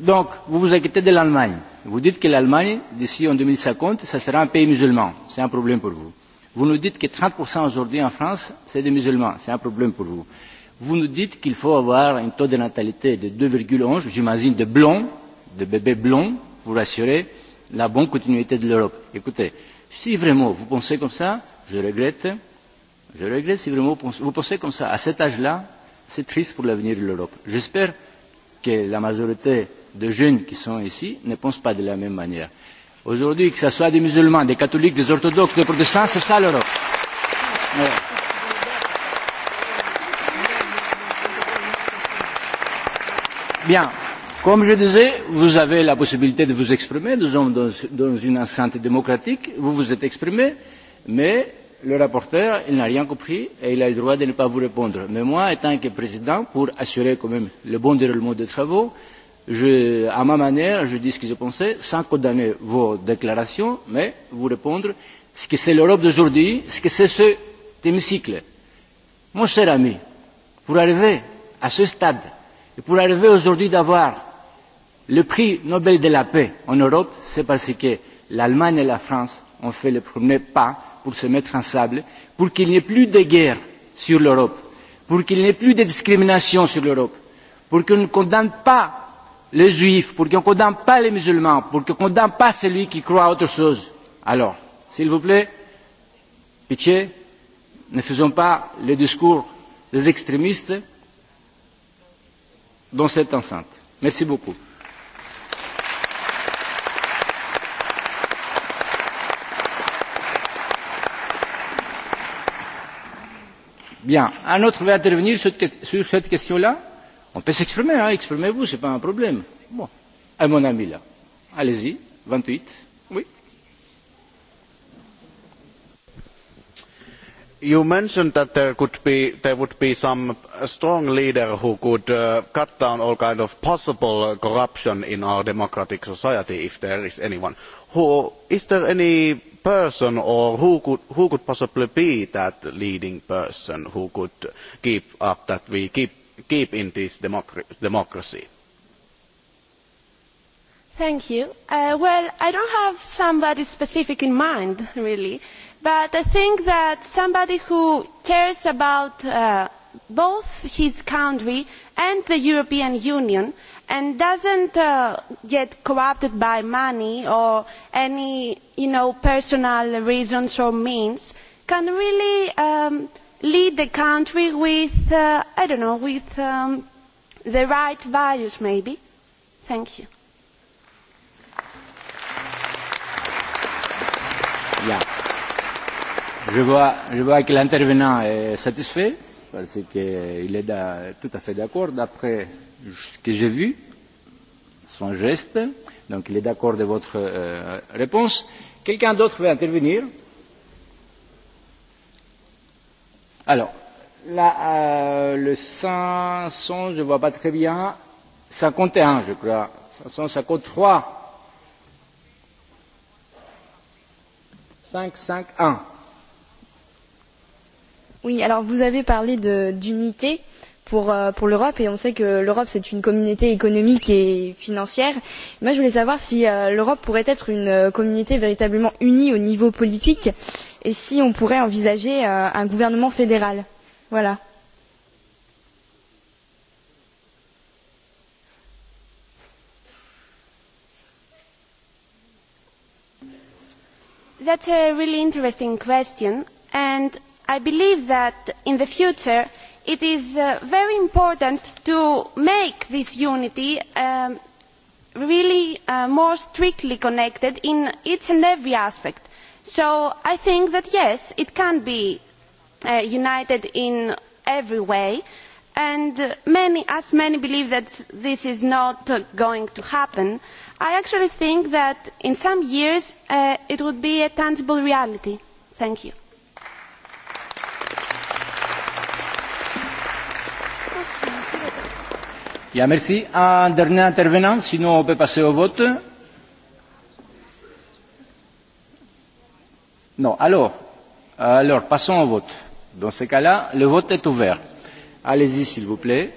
Donc, vous vous inquiétez de l'Allemagne. Vous dites que l'Allemagne, d'ici en 2050, ça sera un pays musulman. C'est un problème pour vous. Vous nous dites que 30% aujourd'hui en France, c'est des musulmans. C'est un problème pour vous. Vous nous dites qu'il faut avoir un taux de natalité de 2,11, j'imagine de blonds, de bébés blonds, pour assurer la bonne continuité de l'Europe. Écoutez, si vraiment vous pensez comme ça, je regrette, je regrette si vraiment vous pensez comme ça, à cet âge-là, c'est triste pour l'avenir de l'Europe. J'espère que la majorité de jeunes qui sont ici ne pensent pas de la même manière. Aujourd'hui, que ce soit des musulmans, des catholiques, des orthodoxes, des protestants, c'est ça l'Europe. Ouais. Bien. Comme je disais, vous avez la possibilité de vous exprimer. Nous sommes dans, dans une enceinte démocratique. Vous vous êtes exprimé, mais le rapporteur, il n'a rien compris et il a le droit de ne pas vous répondre. Mais moi, étant que président, pour assurer quand même le bon déroulement des travaux, je, à ma manière, je dis ce que je pensais, sans condamner vos déclarations, mais vous répondre ce que c'est l'Europe d'aujourd'hui, ce que c'est cet hémicycle. Mon cher ami, pour arriver à ce stade, Et pour arriver aujourd'hui d'avoir le prix Nobel de la paix en Europe, c'est parce que l'Allemagne et la France ont fait le premier pas pour se mettre en sable, pour qu'il n'y ait plus de guerre sur l'Europe, pour qu'il n'y ait plus de discrimination sur l'Europe, pour qu'on ne condamne pas les juifs, pour qu'on ne condamne pas les musulmans, pour qu'on ne condamne pas celui qui croit à autre chose. Alors, s'il vous plaît, pitié, ne faisons pas le discours des extrémistes dans cette enceinte. Merci beaucoup. Bien. Un autre veut intervenir sur, sur cette question-là On peut s'exprimer, hein, exprimez-vous, ce n'est pas un problème. Bon. À mon ami là. Allez-y, 28. you mentioned that there could be there would be some strong leader who could uh, cut down all kind of possible uh, corruption in our democratic society if there is anyone is there any person or who could who could possibly be that leading person who could keep up that we keep keep in this democracy thank you uh, well i don't have somebody specific in mind really But I think that somebody who cares about uh, both his country and the European Union and doesn't uh, get corrupted by money or any you know, personal reasons or means can really um, lead the country with, uh, I don't know, with um, the right values maybe. Thank you. Je vois, que l'intervenant est satisfait parce qu'il est tout à fait d'accord d'après ce que j'ai vu, son geste. Donc il est d'accord de votre euh, réponse. Quelqu'un d'autre veut intervenir Alors, là, euh, le 500, je ne vois pas très bien. 51, je crois. 553. 1. Oui, alors vous avez parlé d'unité pour, euh, pour l'Europe et on sait que l'Europe c'est une communauté économique et financière. Moi je voulais savoir si euh, l'Europe pourrait être une euh, communauté véritablement unie au niveau politique et si on pourrait envisager euh, un gouvernement fédéral. Voilà. That's a really interesting question and I believe that in the future it is uh, very important to make this unity um, really uh, more strictly connected in each and every aspect. So I think that yes, it can be uh, united in every way and many, as many believe that this is not uh, going to happen, I actually think that in some years uh, it would be a tangible reality. Thank you. Bien, merci. Un dernier intervenant, sinon on peut passer au vote. Non, alors, alors passons au vote. Dans ce cas-là, le vote est ouvert. Allez-y, s'il vous plaît,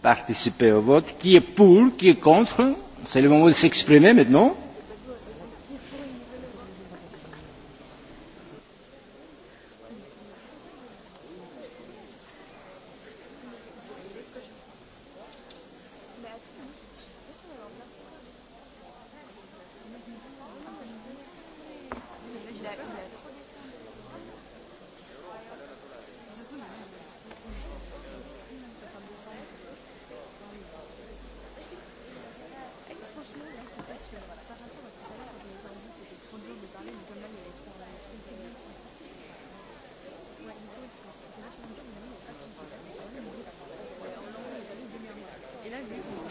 participez au vote. Qui est pour, qui est contre C'est le moment de s'exprimer maintenant.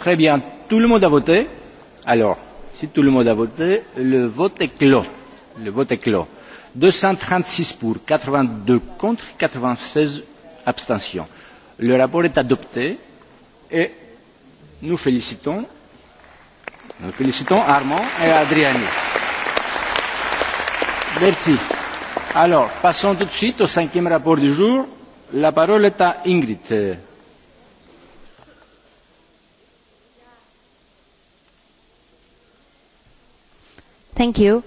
Très bien. Tout le monde a voté Alors, si tout le monde a voté, le vote est clos. Le vote est clos. 236 pour, 82 contre, 96 abstentions. Le rapport est adopté et nous félicitons, nous félicitons Armand et Adriani. Merci. Alors, passons tout de suite au cinquième rapport du jour. La parole est à Ingrid. Thank you.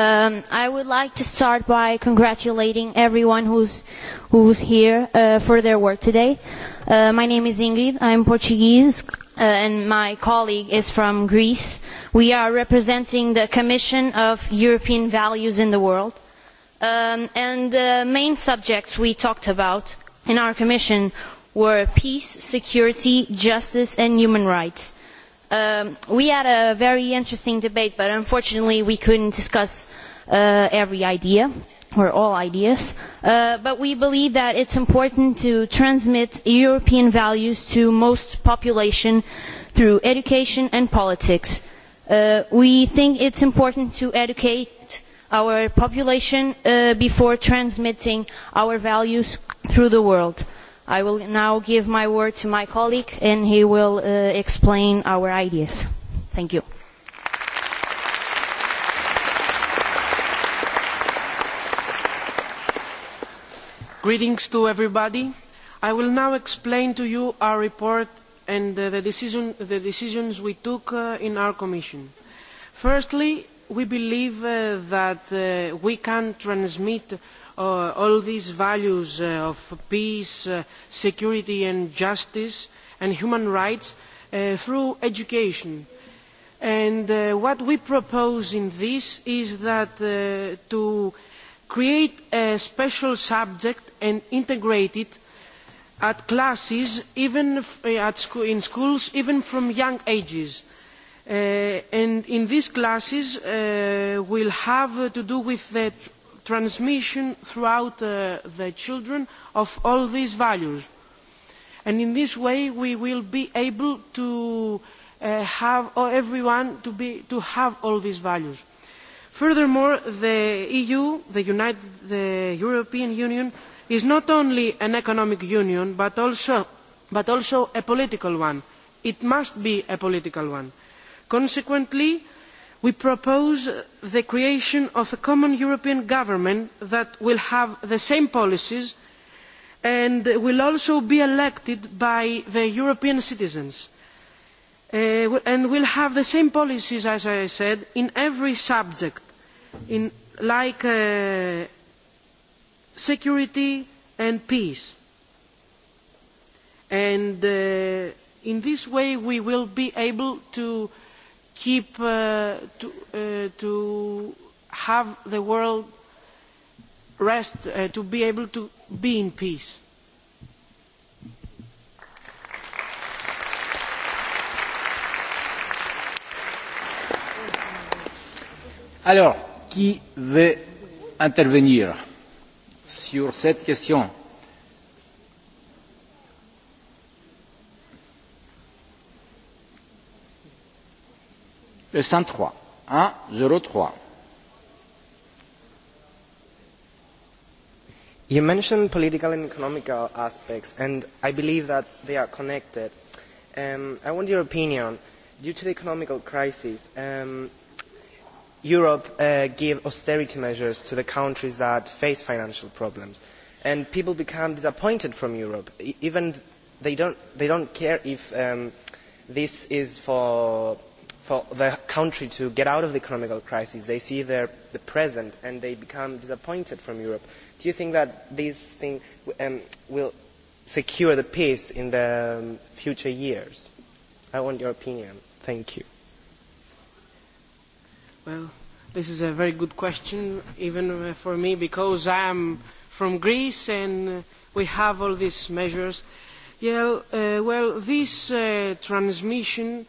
Um, I would like to start by congratulating everyone who's, who's here uh, for their work today. Uh, my name is Ingrid. I'm Portuguese, uh, and my colleague is from Greece. We are representing the Commission of European Values in the World. Um, and the main subjects we talked about in our commission were peace, security, justice, and human rights. Um, we had a very interesting debate, but unfortunately we couldn't discuss uh, every idea or all ideas. Uh, but we believe that it's important to transmit European values to most population through education and politics. Uh, we think it's important to educate our population uh, before transmitting our values through the world. Uh, I will now give my word to my colleague and he will uh, explain our ideas. Thank you. Greetings to everybody. I will now explain to you our report and uh, the, decision, the decisions we took uh, in our Commission. Firstly, we believe uh, that uh, we can transmit uh, all these values uh, of peace, uh, security and justice and human rights uh, through education. And uh, what we propose in this is that uh, to create a special subject and integrate it at classes, even uh, at school in schools, even from young ages. Uh, and in these classes uh, will have to do with the transmission throughout uh, the children of all these values. And in this way we will be able to uh, have everyone to, be, to have all these values. Furthermore, the EU, the, United, the European Union, is not only an economic union but also, but also a political one. It must be a political one. Consequently, we propose the creation of a common European government that will have the same policies and will also be elected by the European citizens uh, and will have the same policies, as I said, in every subject, in, like uh, security and peace. And uh, in this way we will be able to uh, keep uh, to, uh, to have the world rest, uh, to be able to be in peace. Alors, qui veut intervenir sur cette question Le 103. 1, 0, 3. You mentioned political and economical aspects, and I believe that they are connected. Um, I want your opinion. Due to the economical crisis, um, Europe uh, gave austerity measures to the countries that face financial problems, and people become disappointed from Europe. E, even they don't, they don't care if um, this is for for the country to get out of the economic crisis. They see their, the present and they become disappointed from Europe. Do you think that this thing um, will secure the peace in the um, future years? I want your opinion. Thank you. Well, this is a very good question, even uh, for me, because I am from Greece and uh, we have all these measures. Yeah, uh, well, this uh, transmission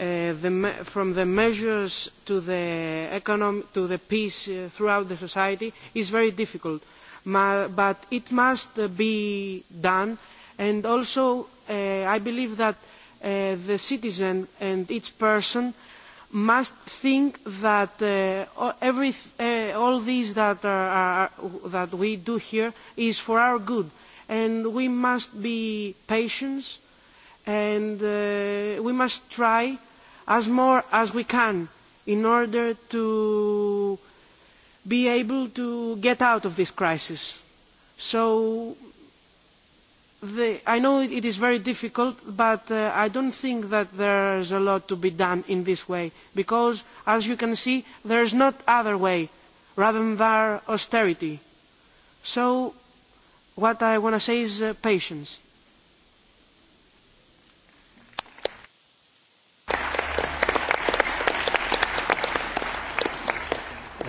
Uh, the, from the measures to the, economy, to the peace uh, throughout the society is very difficult. Ma, but it must uh, be done. And also, uh, I believe that uh, the citizen and each person must think that uh, every, uh, all these that, are, are, that we do here is for our good. And we must be patient and uh, we must try as more as we can in order to be able to get out of this crisis. So the, I know it is very difficult, but uh, I don't think that there is a lot to be done in this way, because as you can see, there is not other way rather than austerity. So what I want to say is uh, patience.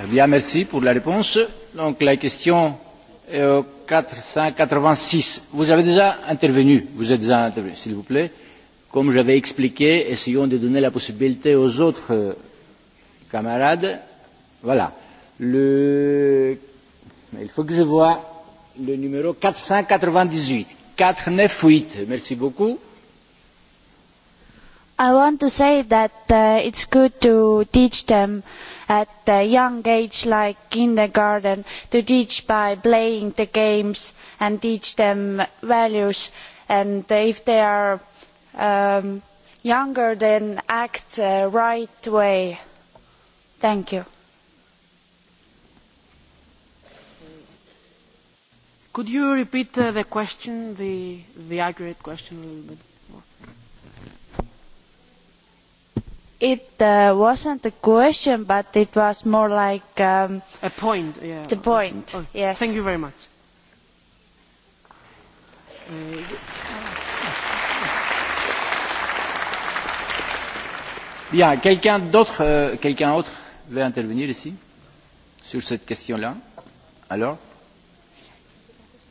Eh, bien, merci pour la réponse. Donc la question est au 486. Vous avez déjà intervenu, vous êtes déjà intervenu, s'il vous plaît. Comme j'avais expliqué, essayons de donner la possibilité aux autres euh, camarades. Voilà. Le... Il faut que je voie le numéro 498. 498, merci beaucoup. I want to say that uh, it's good to teach them at a young age, like kindergarten, to teach by playing the games and teach them values. And if they are um, younger, then act the right way. Thank you. Could you repeat uh, the question, the, the accurate question a little bit? It uh, wasn't a question, but it was more like um, a point. Yeah. The point. Oh, yes. Thank you very much. Bien, euh, quelqu'un d'autre, euh, quelqu'un autre veut intervenir ici sur cette question-là. Alors,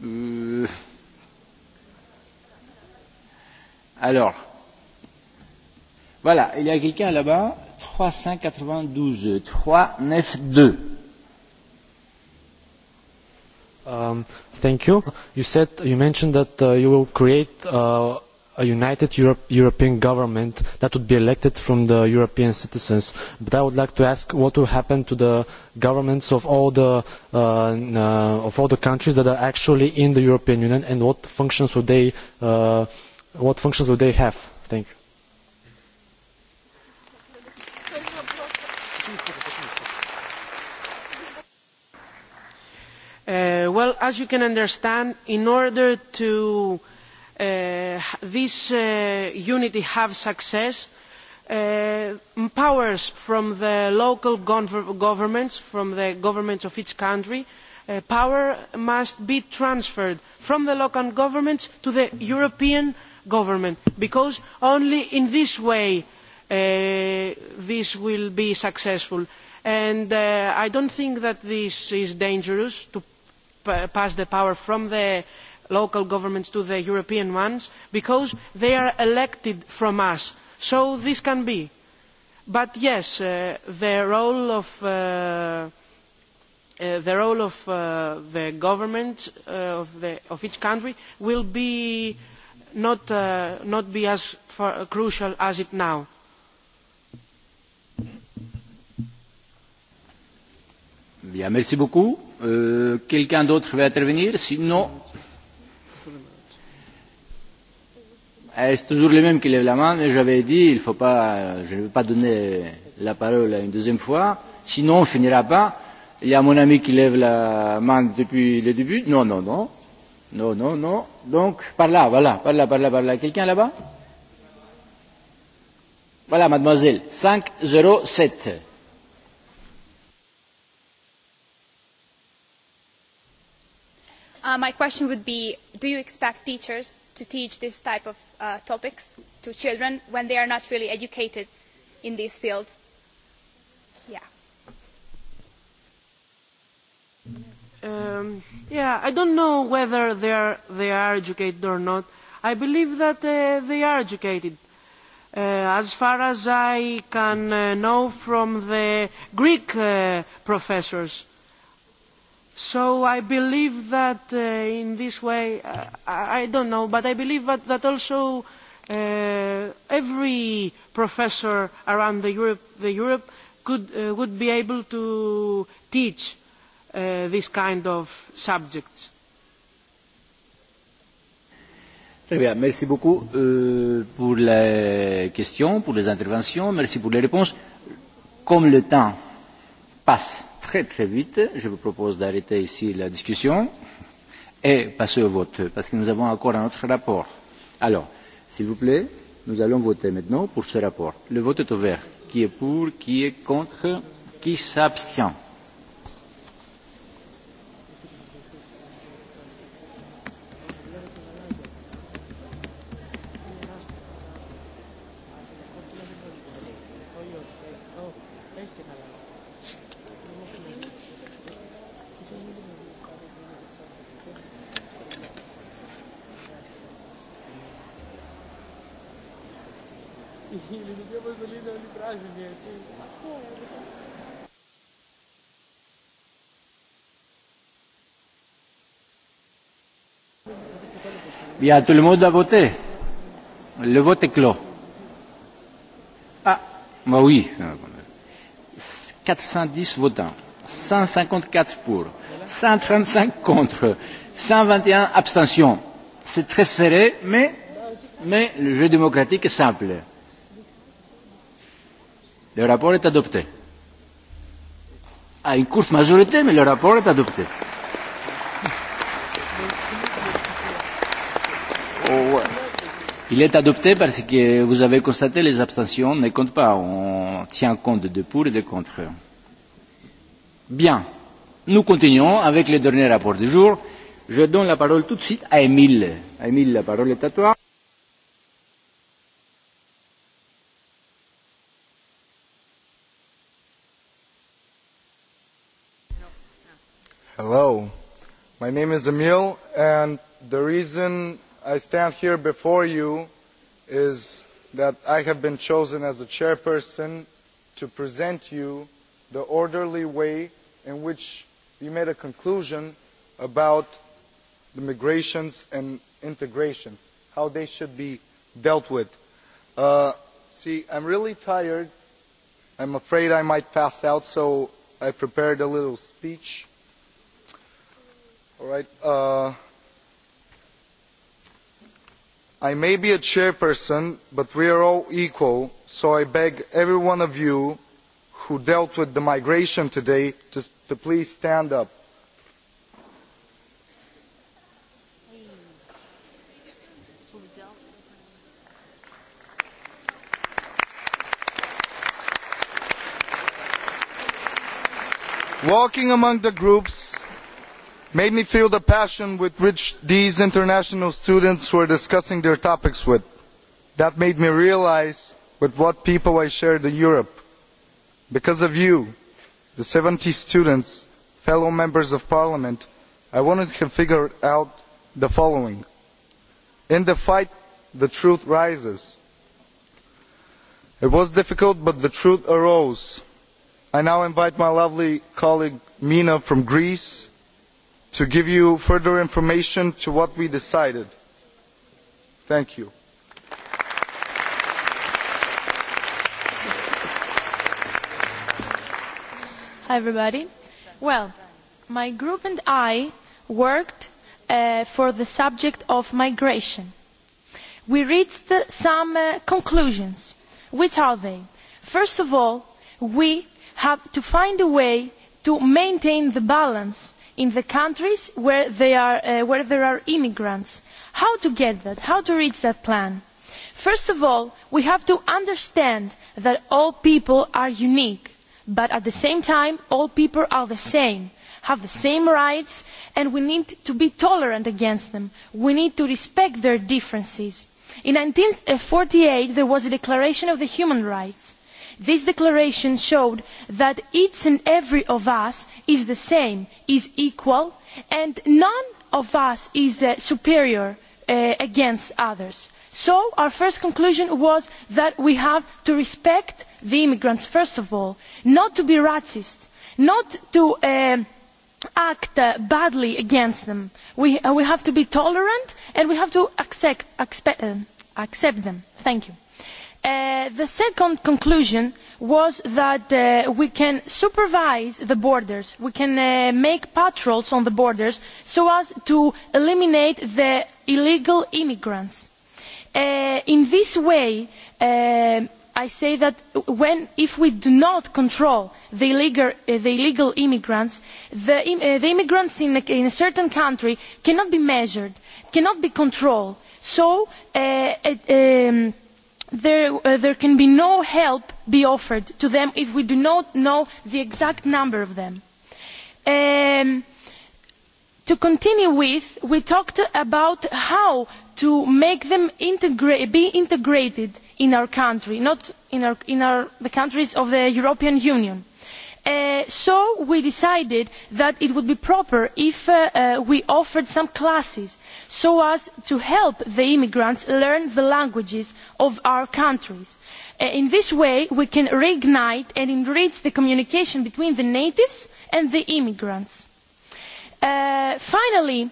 euh, alors. Voilà, il y a quelqu'un là-bas, 392, 392. Um, thank you. You said, you mentioned that uh, you will create uh, a united Europe, European government that would be elected from the European citizens. But I would like to ask what will happen to the governments of all the, uh, uh, of all the countries that are actually in the European Union and what functions would they, uh, what functions would they have? Thank you. Uh, well, as you can understand, in order to uh, this uh, unity have success, uh, powers from the local gov governments, from the governments of each country, uh, power must be transferred from the local governments to the European government, because only in this way uh, this will be successful. And uh, I don't think that this is dangerous to pass the power from the local governments to the European ones because they are elected from us. So this can be. But yes, uh, the role of, uh, uh, the, role of uh, the government uh, of, the, of each country will be not, uh, not be as far, uh, crucial as it now. Bien, merci beaucoup. Euh, quelqu'un d'autre veut intervenir Sinon. Ah, c'est toujours le même qui lève la main, mais j'avais dit, il faut pas, je ne vais pas donner la parole une deuxième fois, sinon on ne finira pas. Il y a mon ami qui lève la main depuis le début. Non, non, non. Non, non, non. Donc, par là, voilà, par là, par là, par là. Quelqu'un là-bas Voilà, mademoiselle, 507. Uh, my question would be, do you expect teachers to teach this type of uh, topics to children when they are not really educated in these fields? Yeah. Um, yeah, I don't know whether they are, they are educated or not. I believe that uh, they are educated. Uh, as far as I can uh, know from the Greek uh, professors, So I believe that uh, in this way, uh, I don't know, but I believe that, that also uh, every professor around the Europe, the Europe could, uh, would be able to teach uh, this kind of subjects. Très bien, merci beaucoup euh, pour les questions, pour les interventions, merci pour les réponses. Comme le temps passe, très très vite. Je vous propose d'arrêter ici la discussion et passer au vote, parce que nous avons encore un autre rapport. Alors, s'il vous plaît, nous allons voter maintenant pour ce rapport. Le vote est ouvert. Qui est pour, qui est contre, qui s'abstient Или где мы были на празднике? А что? Bien, tout le monde a voté. Le vote est Ah, bah oui. 410 ah, votants, 154 pour, 135 contre, 121 abstentions. C'est très serré, mais, mais le jeu démocratique est simple. Le rapport est adopté. À ah, une courte majorité, mais le rapport est adopté. Oh, Il est adopté parce que vous avez constaté les abstentions ne comptent pas. On tient compte de pour et de contre. Bien. Nous continuons avec le dernier rapport du jour. Je donne la parole tout de suite à Émile. Émile, la parole est à toi. My name is Emil, and the reason I stand here before you is that I have been chosen as the chairperson to present you the orderly way in which we made a conclusion about the migrations and integrations, how they should be dealt with. Uh, see, I'm really tired. I'm afraid I might pass out, so I prepared a little speech All right. Uh, I may be a chairperson, but we are all equal, so I beg every one of you who dealt with the migration today to, to please stand up. Walking among the groups, made me feel the passion with which these international students were discussing their topics with. That made me realise with what people I shared in Europe. Because of you, the seventy students, fellow members of parliament, I wanted to figure out the following. In the fight, the truth rises. It was difficult, but the truth arose. I now invite my lovely colleague Mina from Greece to give you further information to what we decided. Thank you. Hi everybody. Well, my group and I worked uh, for the subject of migration. We reached some uh, conclusions. Which are they? First of all, we have to find a way to maintain the balance in the countries where, are, uh, where there are immigrants. How to get that? How to reach that plan? First of all, we have to understand that all people are unique, but at the same time, all people are the same, have the same rights, and we need to be tolerant against them. We need to respect their differences. In forty eight there was a Declaration of the Human Rights This declaration showed that each and every of us is the same, is equal, and none of us is uh, superior uh, against others. So our first conclusion was that we have to respect the immigrants first of all, not to be racist, not to uh, act uh, badly against them. We, uh, we have to be tolerant and we have to accept, uh, accept them. Thank you. Uh, the second conclusion was that uh, we can supervise the borders, we can uh, make patrols on the borders so as to eliminate the illegal immigrants. Uh, in this way, uh, I say that when, if we do not control the illegal, the illegal immigrants, the, the immigrants in a, in a certain country cannot be measured, cannot be controlled. So, um, there, uh, there can be no help be offered to them if we do not know the exact number of them. Um, to continue with, we talked about how to make them integra be integrated in our country, not in, our, in our, the countries of the European Union Uh, so we decided that it would be proper if uh, uh, we offered some classes so as to help the immigrants learn the languages of our countries. Uh, in this way we can reignite and enrich the communication between the natives and the immigrants. Uh, finally,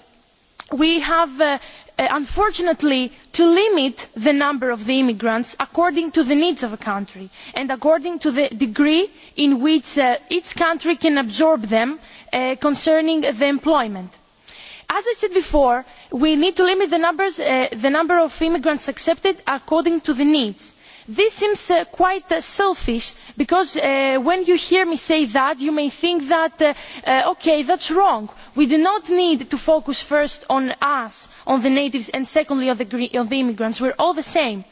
we have Uh, unfortunately to limit the number of the immigrants according to the needs of a country and according to the degree in which uh, each country can absorb them uh, concerning the employment. As I said before, we need to limit the, numbers, uh, the number of immigrants accepted according to the needs. This seems uh, quite uh, selfish Because uh, when you hear me say that, you may think that, uh, uh, okay, that's wrong. We do not need to focus first on us, on the natives, and secondly on the, on the immigrants. We're all the same.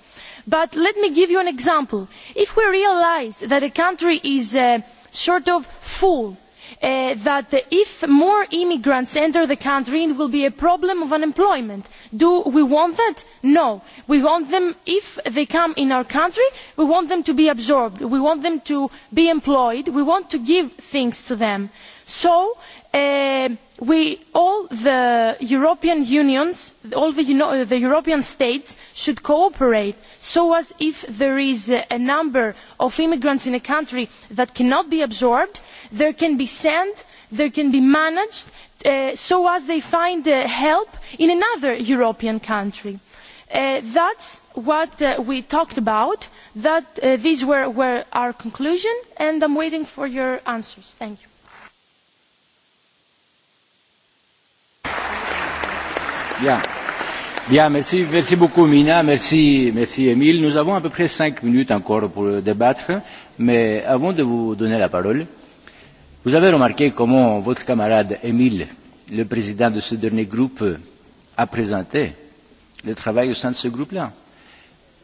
But let me give you an example. If we realise that a country is uh, sort of full, uh, that if more immigrants enter the country, it will be a problem of unemployment. Do we want that? No. We want them, if they come in our country, we want them to be absorbed. We want them to be employed. We want to give things to them. So Uh, we, all the European unions, all the, you know, the, European states should cooperate so as if there is a, number of immigrants in a country that cannot be absorbed, there can be sent, there can be managed uh, so as they find uh, help in another European country. Uh, that is what uh, we talked about. That, uh, these were, were our conclusion, and I am waiting for your answers. Thank you. Bien. Bien, merci, merci beaucoup Mina, merci, merci Emile. Nous avons à peu près cinq minutes encore pour débattre, mais avant de vous donner la parole, vous avez remarqué comment votre camarade Emile, le président de ce dernier groupe, a présenté le travail au sein de ce groupe-là.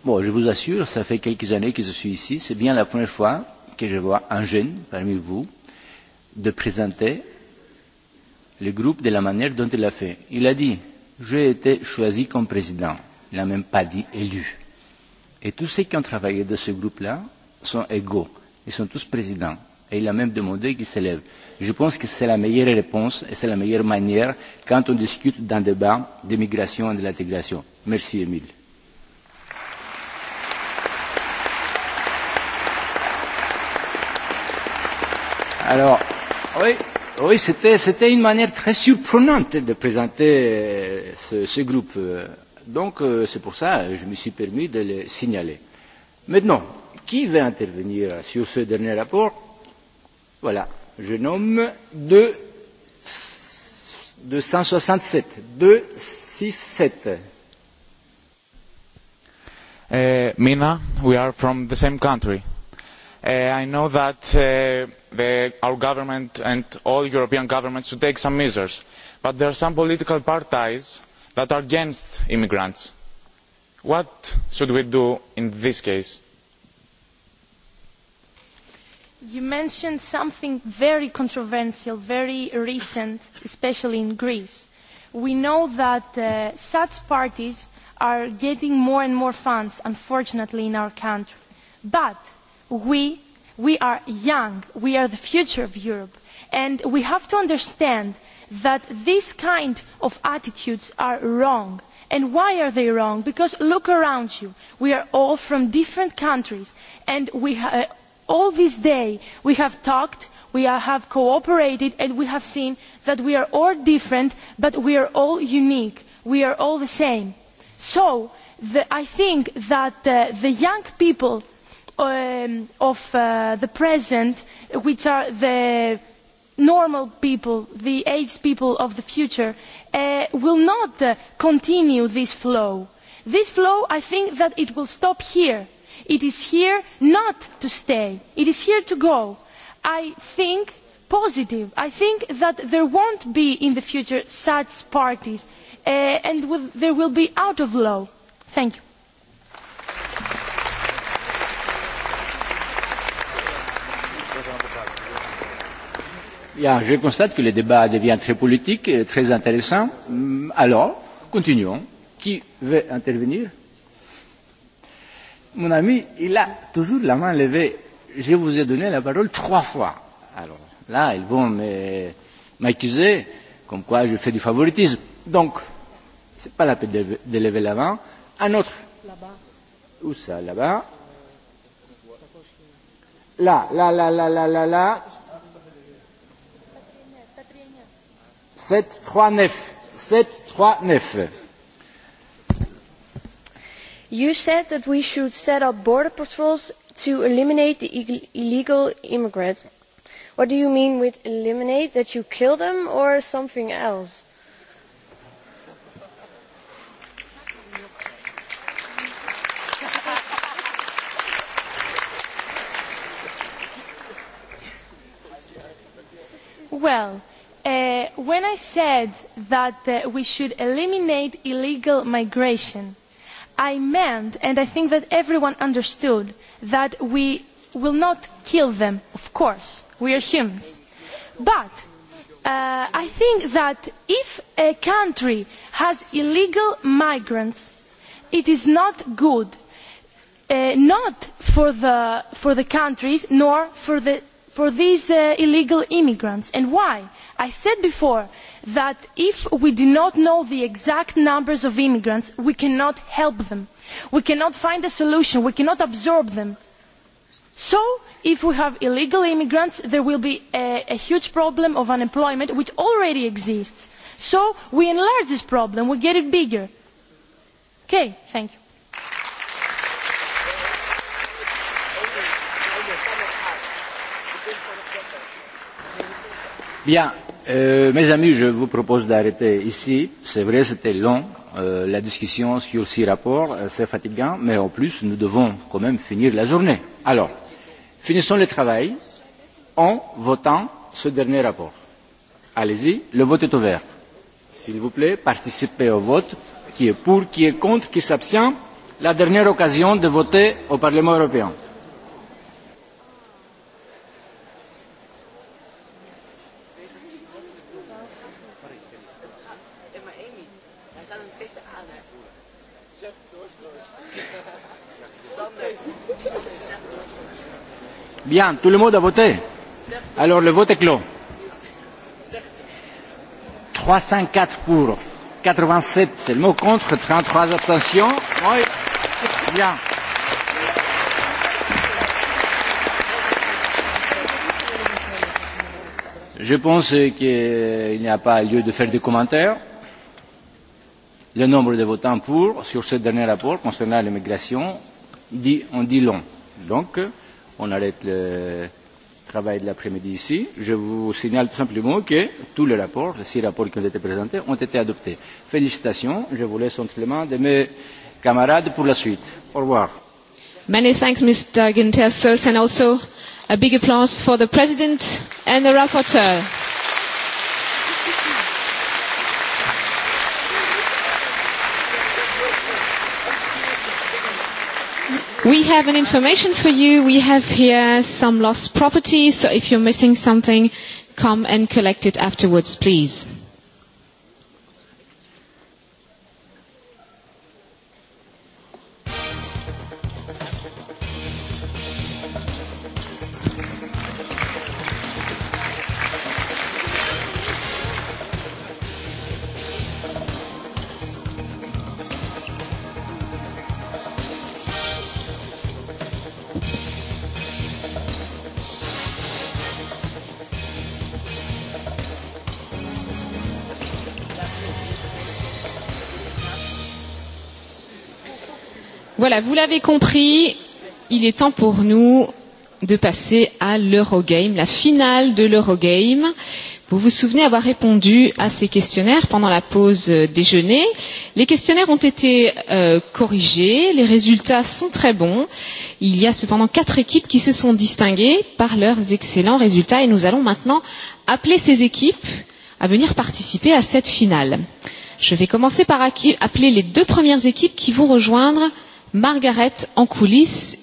Bon, je vous assure, ça fait quelques années que je suis ici, c'est bien la première fois que je vois un jeune parmi vous de présenter le groupe de la manière dont il l'a fait. Il a dit j'ai été choisi comme président. Il n'a même pas dit élu. Et tous ceux qui ont travaillé dans ce groupe-là sont égaux. Ils sont tous présidents. Et il a même demandé qu'ils s'élèvent. Je pense que c'est la meilleure réponse et c'est la meilleure manière quand on discute d'un débat d'immigration et de l'intégration. Merci, Émile. Alors, oui. Oui, c'était, c'était une manière très surprenante de présenter euh, ce, ce groupe. Euh. Donc, euh, c'est pour ça que je me suis permis de le signaler. Maintenant, qui va intervenir sur ce dernier rapport Voilà, je nomme 267. 267. Uh, Mina, we are from the same country. Uh, I know that uh, the, our government and all European governments should take some measures, but there are some political parties that are against immigrants. What should we do in this case? You mentioned something very controversial, very recent, especially in Greece. We know that uh, such parties are getting more and more funds, unfortunately, in our country. But we, we are young, we are the future of Europe, and we have to understand that these kind of attitudes are wrong. And why are they wrong? Because look around you. We are all from different countries, and we ha uh, all this day we have talked, we have cooperated, and we have seen that we are all different, but we are all unique. We are all the same. So the, I think that uh, the young people um, of uh, the present, which are the normal people, the aged people of the future, uh, will not uh, continue this flow. This flow, I think that it will stop here. It is here not to stay. It is here to go. I think positive. I think that there won't be in the future such parties uh, and with, there will be out of law. Thank you. Yeah, je constate que le débat devient très politique, et très intéressant. Mm, alors, continuons. Qui veut intervenir Mon ami, il a toujours la main levée. Je vous ai donné la parole trois fois. Alors, là, ils vont m'accuser comme quoi je fais du favoritisme. Donc, ce n'est pas la peine de, de lever la main. Un autre. Là-bas. Où ça, là-bas Là, là, là, là, là, là, là. You said that we should set up border patrols to eliminate the illegal immigrants. What do you mean with eliminate? That you kill them or something else? Well, Uh, when I said that uh, we should eliminate illegal migration, I meant, and I think that everyone understood, that we will not kill them, of course. We are humans. But uh, I think that if a country has illegal migrants, it is not good, uh, not for the, for the countries nor for the for these uh, illegal immigrants and why? I said before that if we do not know the exact numbers of immigrants, we cannot help them. We cannot find a solution. We cannot absorb them. So, if we have illegal immigrants, there will be a, a huge problem of unemployment, which already exists. So, we enlarge this problem. We get it bigger. Okay, thank you. Bien, euh, mes amis, je vous propose d'arrêter ici. C'est vrai, c'était long, euh, la discussion sur six rapports, euh, c'est fatigant, mais en plus, nous devons quand même finir la journée. Alors, finissons le travail en votant ce dernier rapport. Allez-y, le vote est ouvert. S'il vous plaît, participez au vote. Qui est pour, qui est contre, qui s'abstient La dernière occasion de voter au Parlement européen. Bien, tout le monde a voté Alors le vote est clos. 304 pour, 87 seulement contre, 33 abstentions. Oui, bien. Je pense qu'il n'y a pas lieu de faire des commentaires. Le nombre de votants pour sur ce dernier rapport concernant l'immigration dit, on dit long. Donc, on arrête le travail de l'après-midi ici. Je vous signale tout simplement que tous les rapports, les six rapports qui ont été présentés, ont été adoptés. Félicitations, je vous laisse entre les mains de mes camarades pour la suite. Au revoir. Many thanks, Mr. Gintersos, and also a big applause for the President and the rapporteur. We have an information for you. We have here some lost property, so if you're missing something, come and collect it afterwards, please. Voilà, vous l'avez compris, il est temps pour nous de passer à l'Eurogame, la finale de l'Eurogame. Vous vous souvenez avoir répondu à ces questionnaires pendant la pause déjeuner. Les questionnaires ont été euh, corrigés, les résultats sont très bons. Il y a cependant quatre équipes qui se sont distinguées par leurs excellents résultats et nous allons maintenant appeler ces équipes à venir participer à cette finale. Je vais commencer par appeler les deux premières équipes qui vont rejoindre Margaret en coulisses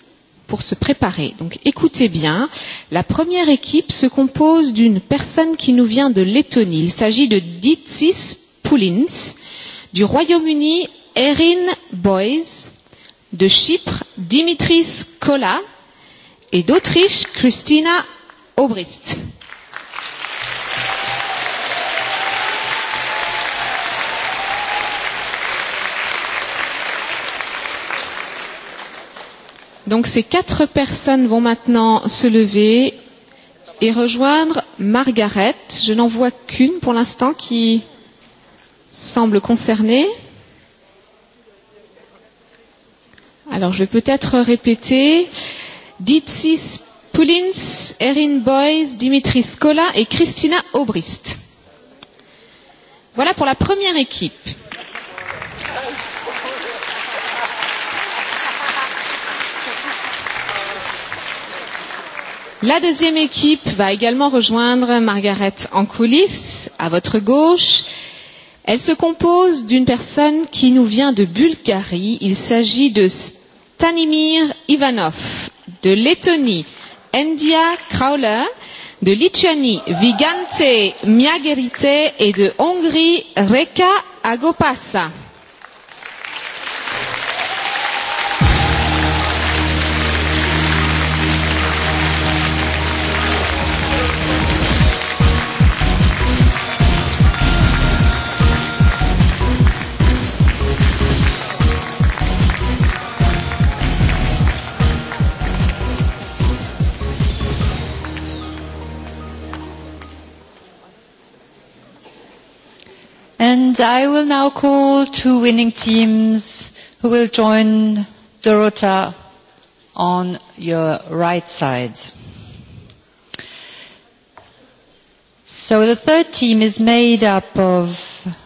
pour se préparer. Donc écoutez bien, la première équipe se compose d'une personne qui nous vient de Lettonie. Il s'agit de Ditsis Poulins, du Royaume-Uni Erin Boys, de Chypre Dimitris Kola et d'Autriche Christina Obrist. Donc ces quatre personnes vont maintenant se lever et rejoindre Margaret. Je n'en vois qu'une pour l'instant qui semble concernée. Alors je vais peut-être répéter. Ditsis Poulins, Erin Boys, Dimitri Scola et Christina Aubrist. Voilà pour la première équipe. La deuxième équipe va également rejoindre Margaret en coulisses, à votre gauche. Elle se compose d'une personne qui nous vient de Bulgarie. Il s'agit de Stanimir Ivanov, de Lettonie, Endia Krauler, de Lituanie, Vigante Miagerite et de Hongrie, Reka Agopasa. And I will now call two winning teams who will join Dorota on your right side. So the third team is made up of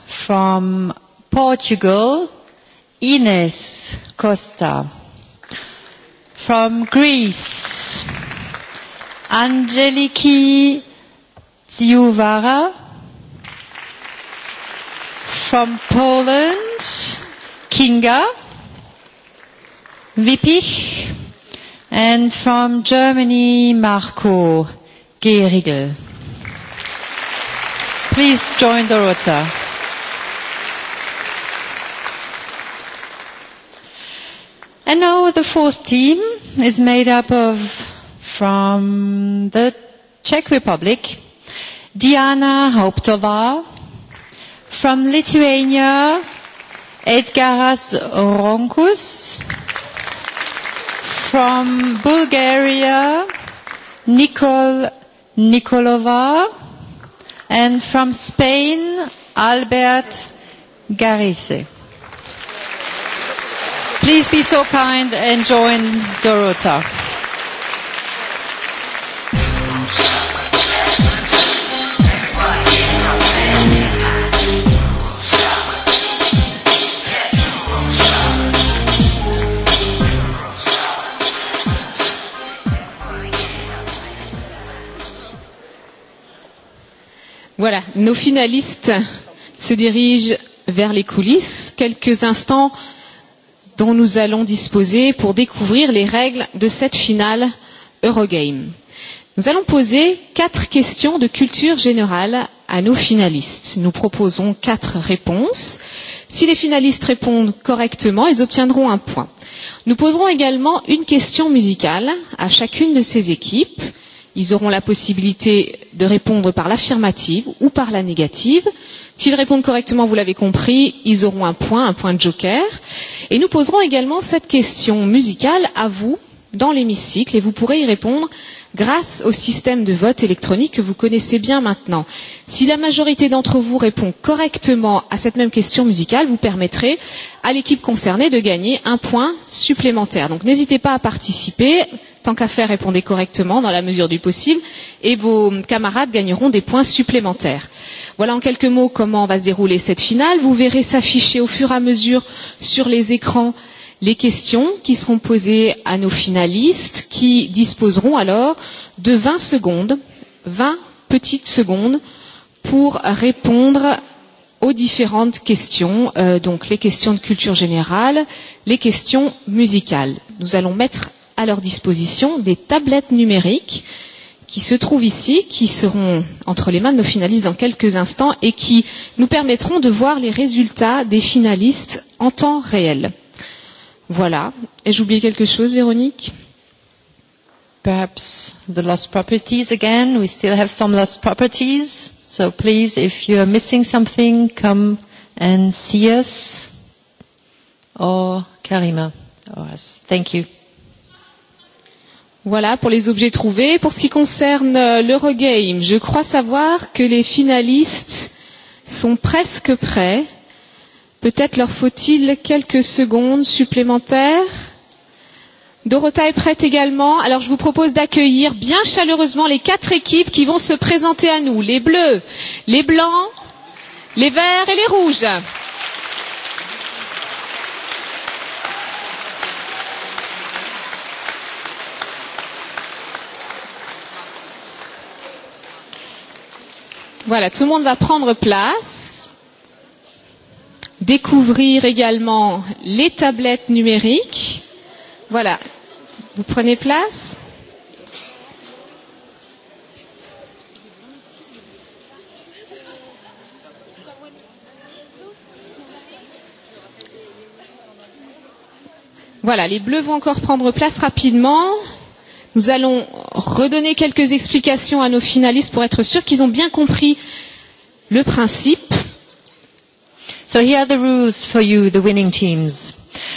from Portugal, Ines Costa. From Greece, Angeliki Tsiouvara from Poland, Kinga Wipich and from Germany, Marco Gerigel. Please join Dorota. And now the fourth team is made up of, from the Czech Republic, Diana Hauptová, From Lithuania, Edgaras Ronkus. From Bulgaria, Nikol Nikolova. And from Spain, Albert Garise. Please be so kind and join Dorota. Voilà, nos finalistes se dirigent vers les coulisses. Quelques instants dont nous allons disposer pour découvrir les règles de cette finale Eurogame. Nous allons poser quatre questions de culture générale à nos finalistes. Nous proposons quatre réponses. Si les finalistes répondent correctement, ils obtiendront un point. Nous poserons également une question musicale à chacune de ces équipes. Ils auront la possibilité de répondre par l'affirmative ou par la négative. S'ils répondent correctement, vous l'avez compris, ils auront un point, un point de joker. Et nous poserons également cette question musicale à vous dans l'hémicycle et vous pourrez y répondre grâce au système de vote électronique que vous connaissez bien maintenant. Si la majorité d'entre vous répond correctement à cette même question musicale, vous permettrez à l'équipe concernée de gagner un point supplémentaire. Donc n'hésitez pas à participer tant qu'à faire, répondez correctement dans la mesure du possible et vos camarades gagneront des points supplémentaires. Voilà en quelques mots comment va se dérouler cette finale. Vous verrez s'afficher au fur et à mesure sur les écrans les questions qui seront posées à nos finalistes qui disposeront alors de 20 secondes, 20 petites secondes pour répondre aux différentes questions, euh, donc les questions de culture générale, les questions musicales. Nous allons mettre à leur disposition des tablettes numériques qui se trouvent ici, qui seront entre les mains de nos finalistes dans quelques instants et qui nous permettront de voir les résultats des finalistes en temps réel. Voilà. Ai-je oublié quelque chose, Véronique Perhaps the lost properties again. We still have some lost properties. So please, if you are missing something, come and see us or Karima or us. Thank you. Voilà pour les objets trouvés. Pour ce qui concerne euh, l'Eurogame, je crois savoir que les finalistes sont presque prêts. Peut-être leur faut-il quelques secondes supplémentaires. Dorota est prête également. Alors je vous propose d'accueillir bien chaleureusement les quatre équipes qui vont se présenter à nous. Les bleus, les blancs, les verts et les rouges. Voilà, tout le monde va prendre place. Découvrir également les tablettes numériques. Voilà, vous prenez place. Voilà, les bleus vont encore prendre place rapidement. Nous allons redonner quelques explications à nos finalistes pour être sûrs qu'ils ont bien compris le principe. So here are the rules for you, the winning teams.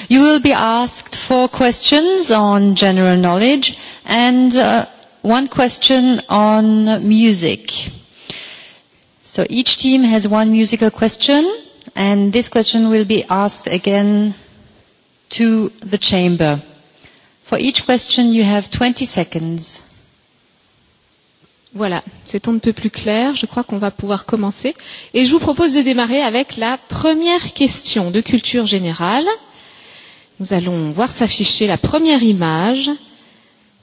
You will be asked four questions on general knowledge and uh, one question on music. So each team has one musical question and this question will be asked again to the chamber. For each question you have 20 seconds. Voilà, c'est un peu plus clair, je crois qu'on va pouvoir commencer. Et je vous propose de démarrer avec la première question de culture générale. Nous allons voir s'afficher la première image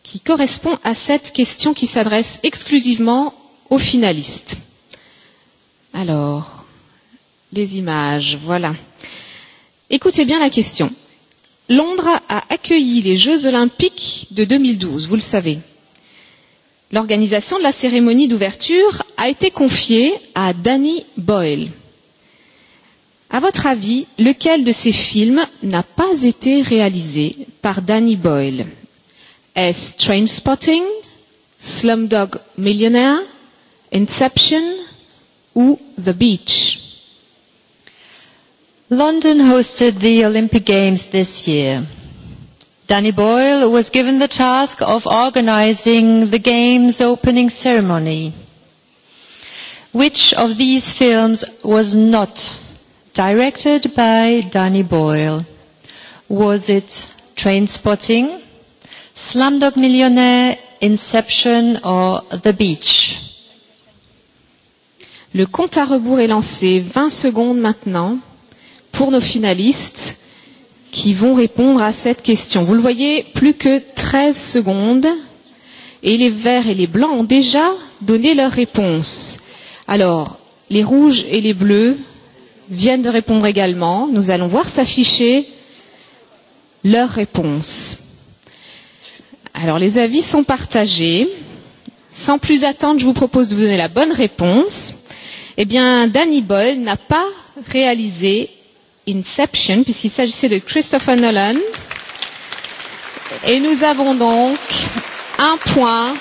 qui correspond à cette question qui s'adresse exclusivement aux finalistes. Alors, les images, voilà. Écoutez bien la question. Londres a accueilli les Jeux olympiques de 2012, vous le savez. L'organisation de la cérémonie d'ouverture a été confiée à Danny Boyle. À votre avis, lequel de ces films n'a pas été réalisé par Danny Boyle Est-ce Trainspotting, Slumdog Millionaire, Inception ou The Beach London hosted the Olympic Games this year. Danny Boyle was given the task of organizing the game's opening ceremony. Which of these films was not directed by Danny Boyle? Was it Train Spotting, Slumdog Millionaire, Inception or The Beach? Le compte à rebours est lancé 20 secondes maintenant pour nos finalistes qui vont répondre à cette question. Vous le voyez, plus que 13 secondes et les verts et les blancs ont déjà donné leur réponse. Alors, les rouges et les bleus viennent de répondre également. Nous allons voir s'afficher leur réponse. Alors, les avis sont partagés. Sans plus attendre, je vous propose de vous donner la bonne réponse. Eh bien, Danny Boyle n'a pas réalisé Inception, puisqu'il s'agissait de Christopher Nolan. Et nous avons donc un point,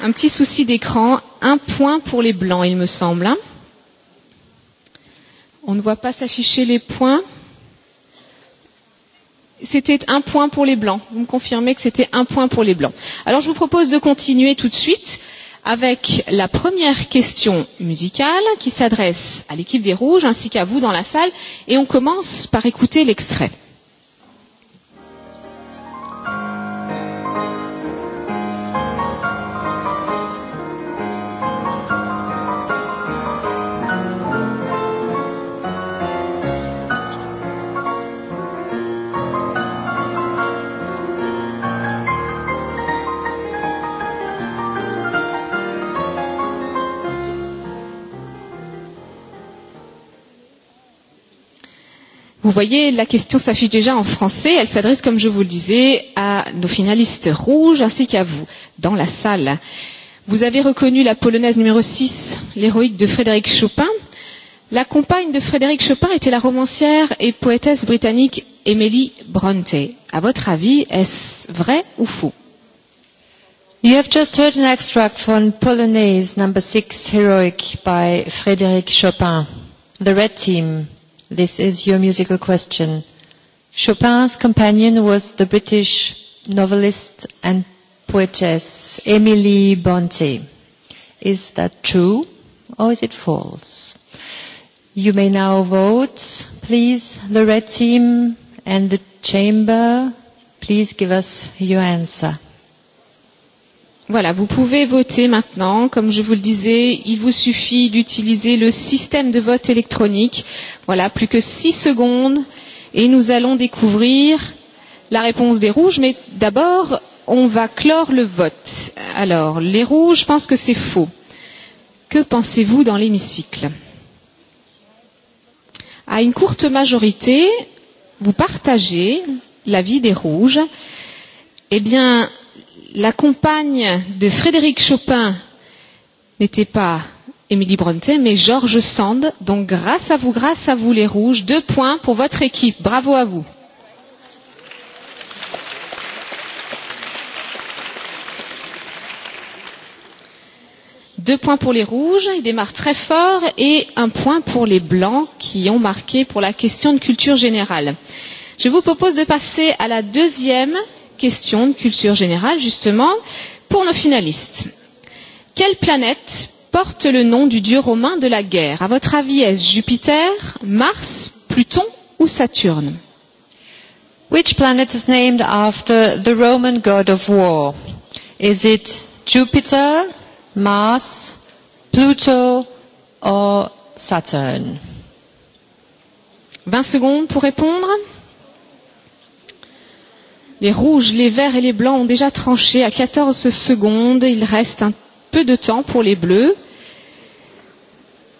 un petit souci d'écran, un point pour les blancs, il me semble. On ne voit pas s'afficher les points. C'était un point pour les blancs. Vous me confirmez que c'était un point pour les blancs. Alors je vous propose de continuer tout de suite. Euh, avec la première question musicale qui s'adresse à l'équipe des Rouges ainsi qu'à vous dans la salle et on commence par écouter l'extrait. Vous voyez, la question s'affiche déjà en français. Elle s'adresse, comme je vous le disais, à nos finalistes rouges ainsi qu'à vous, dans la salle. Vous avez reconnu la polonaise numéro 6, l'héroïque de Frédéric Chopin. La compagne de Frédéric Chopin était la romancière et poétesse britannique Emily Bronte. À votre avis, est-ce vrai ou faux? You have just heard an extract from Polonaise number 6 heroic by Frédéric Chopin. The red team This is your musical question. Chopin's companion was the British novelist and poetess Emily Bonte. Is that true or is it false? You may now vote. Please, the red team and the chamber, please give us your answer. Voilà, vous pouvez voter maintenant. Comme je vous le disais, il vous suffit d'utiliser le système de vote électronique. Voilà, plus que 6 secondes et nous allons découvrir la réponse des rouges. Mais d'abord, on va clore le vote. Alors, les rouges pensent que c'est faux. Que pensez-vous dans l'hémicycle À une courte majorité, vous partagez l'avis des rouges. Eh bien, la compagne de Frédéric Chopin n'était pas Émilie Bronte, mais Georges Sand. Donc grâce à vous, grâce à vous les Rouges, deux points pour votre équipe. Bravo à vous. Deux points pour les rouges, ils démarrent très fort, et un point pour les blancs qui ont marqué pour la question de culture générale. Je vous propose de passer à la deuxième question de culture générale, justement, pour nos finalistes. Quelle planète porte le nom du dieu romain de la guerre À votre avis, est-ce Jupiter, Mars, Pluton ou Saturne Which planet is named after the Roman god of war? Is it Jupiter, Mars, Pluto or Saturn 20 secondes pour répondre. Les rouges, les verts et les blancs ont déjà tranché à 14 secondes. Il reste un peu de temps pour les bleus.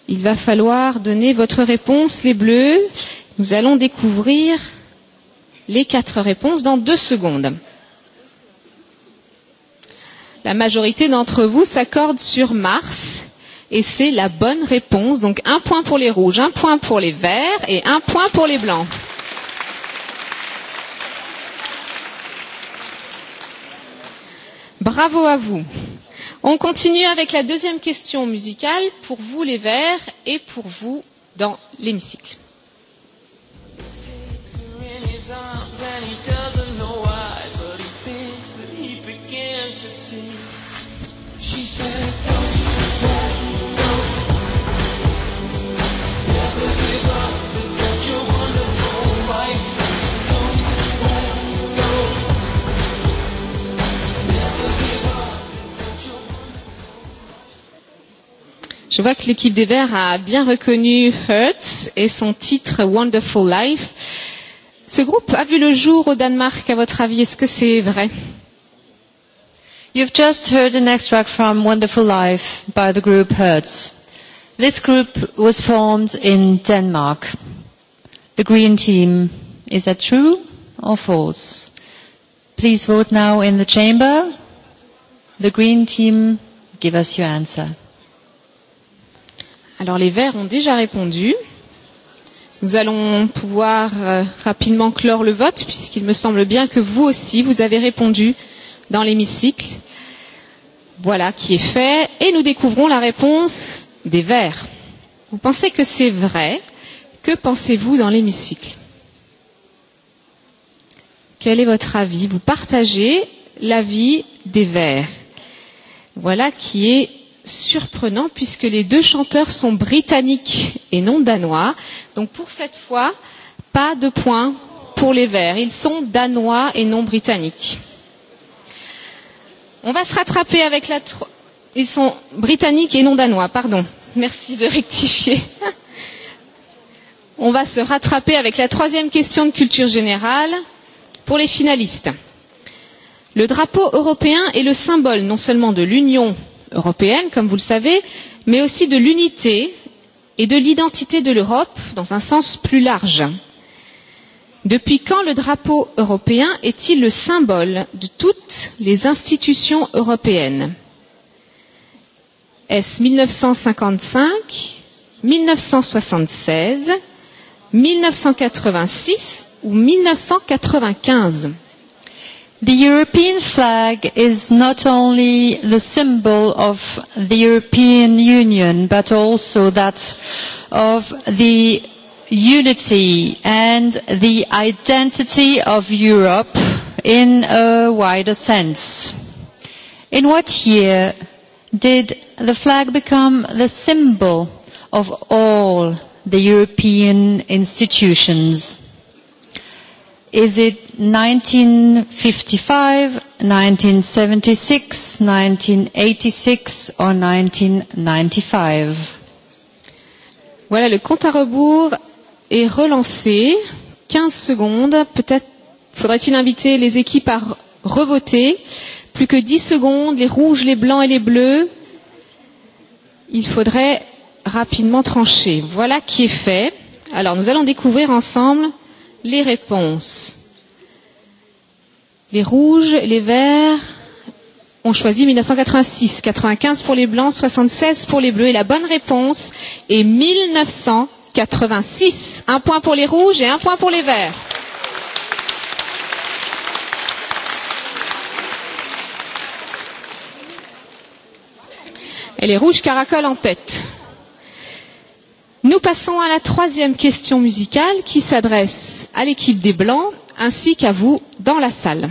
Il va falloir donner votre réponse, les bleus. Nous allons découvrir les quatre réponses dans deux secondes. La majorité d'entre vous s'accorde sur Mars et c'est la bonne réponse. Donc un point pour les rouges, un point pour les verts et un point pour les blancs. Bravo à vous. On continue avec la deuxième question musicale pour vous les Verts et pour vous dans l'hémicycle. She says Je vois que l'équipe des Verts a bien reconnu Hertz et son titre Wonderful Life. Ce groupe a vu le jour au Danemark, à votre avis, est-ce que c'est vrai You've just heard an extract from Wonderful Life by the group Hertz. This group was formed in Denmark. The green team, is that true or false? Please vote now in the chamber. The green team, give us your answer. Alors les Verts ont déjà répondu. Nous allons pouvoir euh, rapidement clore le vote puisqu'il me semble bien que vous aussi, vous avez répondu dans l'hémicycle. Voilà qui est fait et nous découvrons la réponse des Verts. Vous pensez que c'est vrai Que pensez-vous dans l'hémicycle Quel est votre avis Vous partagez l'avis des Verts. Voilà qui est surprenant puisque les deux chanteurs sont britanniques et non danois. Donc pour cette fois, pas de points pour les Verts. Ils sont danois et non britanniques. On va se rattraper avec la... Ils sont britanniques et non danois, pardon. Merci de rectifier. On va se rattraper avec la troisième question de culture générale pour les finalistes. Le drapeau européen est le symbole non seulement de l'union européenne, comme vous le savez, mais aussi de l'unité et de l'identité de l'Europe dans un sens plus large. Depuis quand le drapeau européen est-il le symbole de toutes les institutions européennes Est-ce 1955, 1976, 1986 ou 1995 The European flag is not only the symbol of the European Union, but also that of the unity and the identity of Europe in a wider sense. In what year did the flag become the symbol of all the European institutions? Is it 1955, 1976, 1986 or 1995? Voilà, le compte à rebours est relancé. 15 secondes. Peut-être faudrait-il inviter les équipes à revoter. Plus que 10 secondes, les rouges, les blancs et les bleus. Il faudrait rapidement trancher. Voilà qui est fait. Alors, nous allons découvrir ensemble les réponses. Les rouges, les verts ont choisi 1986, 95 pour les blancs, 76 pour les bleus. Et la bonne réponse est 1986. Un point pour les rouges et un point pour les verts. Et les rouges caracolent en tête. Nous passons à la troisième question musicale qui s'adresse à l'équipe des Blancs ainsi qu'à vous dans la salle.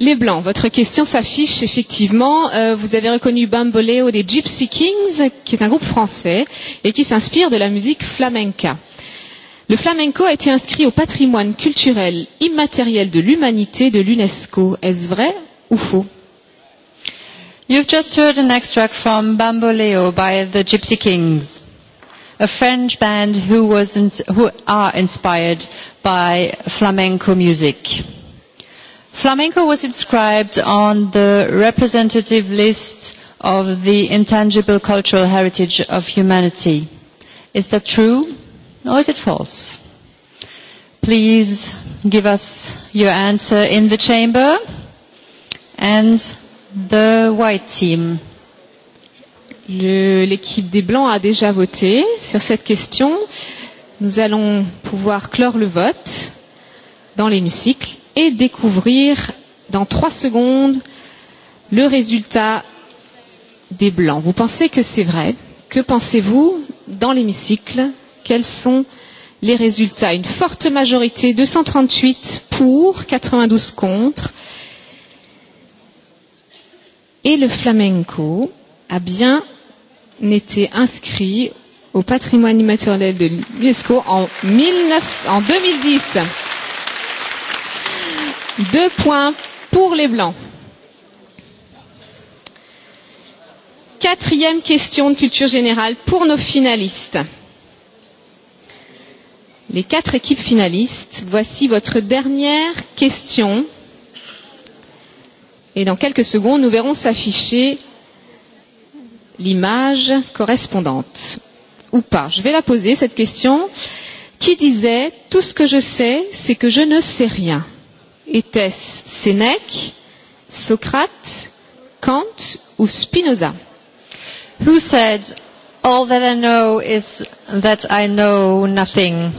Les Blancs, votre question s'affiche effectivement. Euh, vous avez reconnu Bamboleo des Gypsy Kings, qui est un groupe français et qui s'inspire de la musique flamenca. Le flamenco a été inscrit au patrimoine culturel immatériel de l'humanité de l'UNESCO. Est-ce vrai ou faux You've just heard an extract from Bamboleo by the Gypsy Kings, a French band who, was ins who are inspired by flamenco music. Flamenco was inscribed on the representative list of the intangible cultural heritage of humanity. Is that true or is it false? Please give us your answer in the chamber and the white team. L'équipe des Blancs a déjà voté sur cette question. Nous allons pouvoir clore le vote dans l'hémicycle et découvrir dans trois secondes le résultat des blancs. Vous pensez que c'est vrai Que pensez-vous dans l'hémicycle Quels sont les résultats Une forte majorité, 238 pour, 92 contre. Et le flamenco a bien été inscrit au patrimoine immatériel de l'UNESCO en, 19... en 2010. Deux points pour les Blancs. Quatrième question de culture générale pour nos finalistes. Les quatre équipes finalistes, voici votre dernière question. Et dans quelques secondes, nous verrons s'afficher l'image correspondante. Ou pas. Je vais la poser, cette question. Qui disait Tout ce que je sais, c'est que je ne sais rien ites ce Sénèque, Socrate, Kant ou Spinoza? Who said, all that I know is that I know nothing?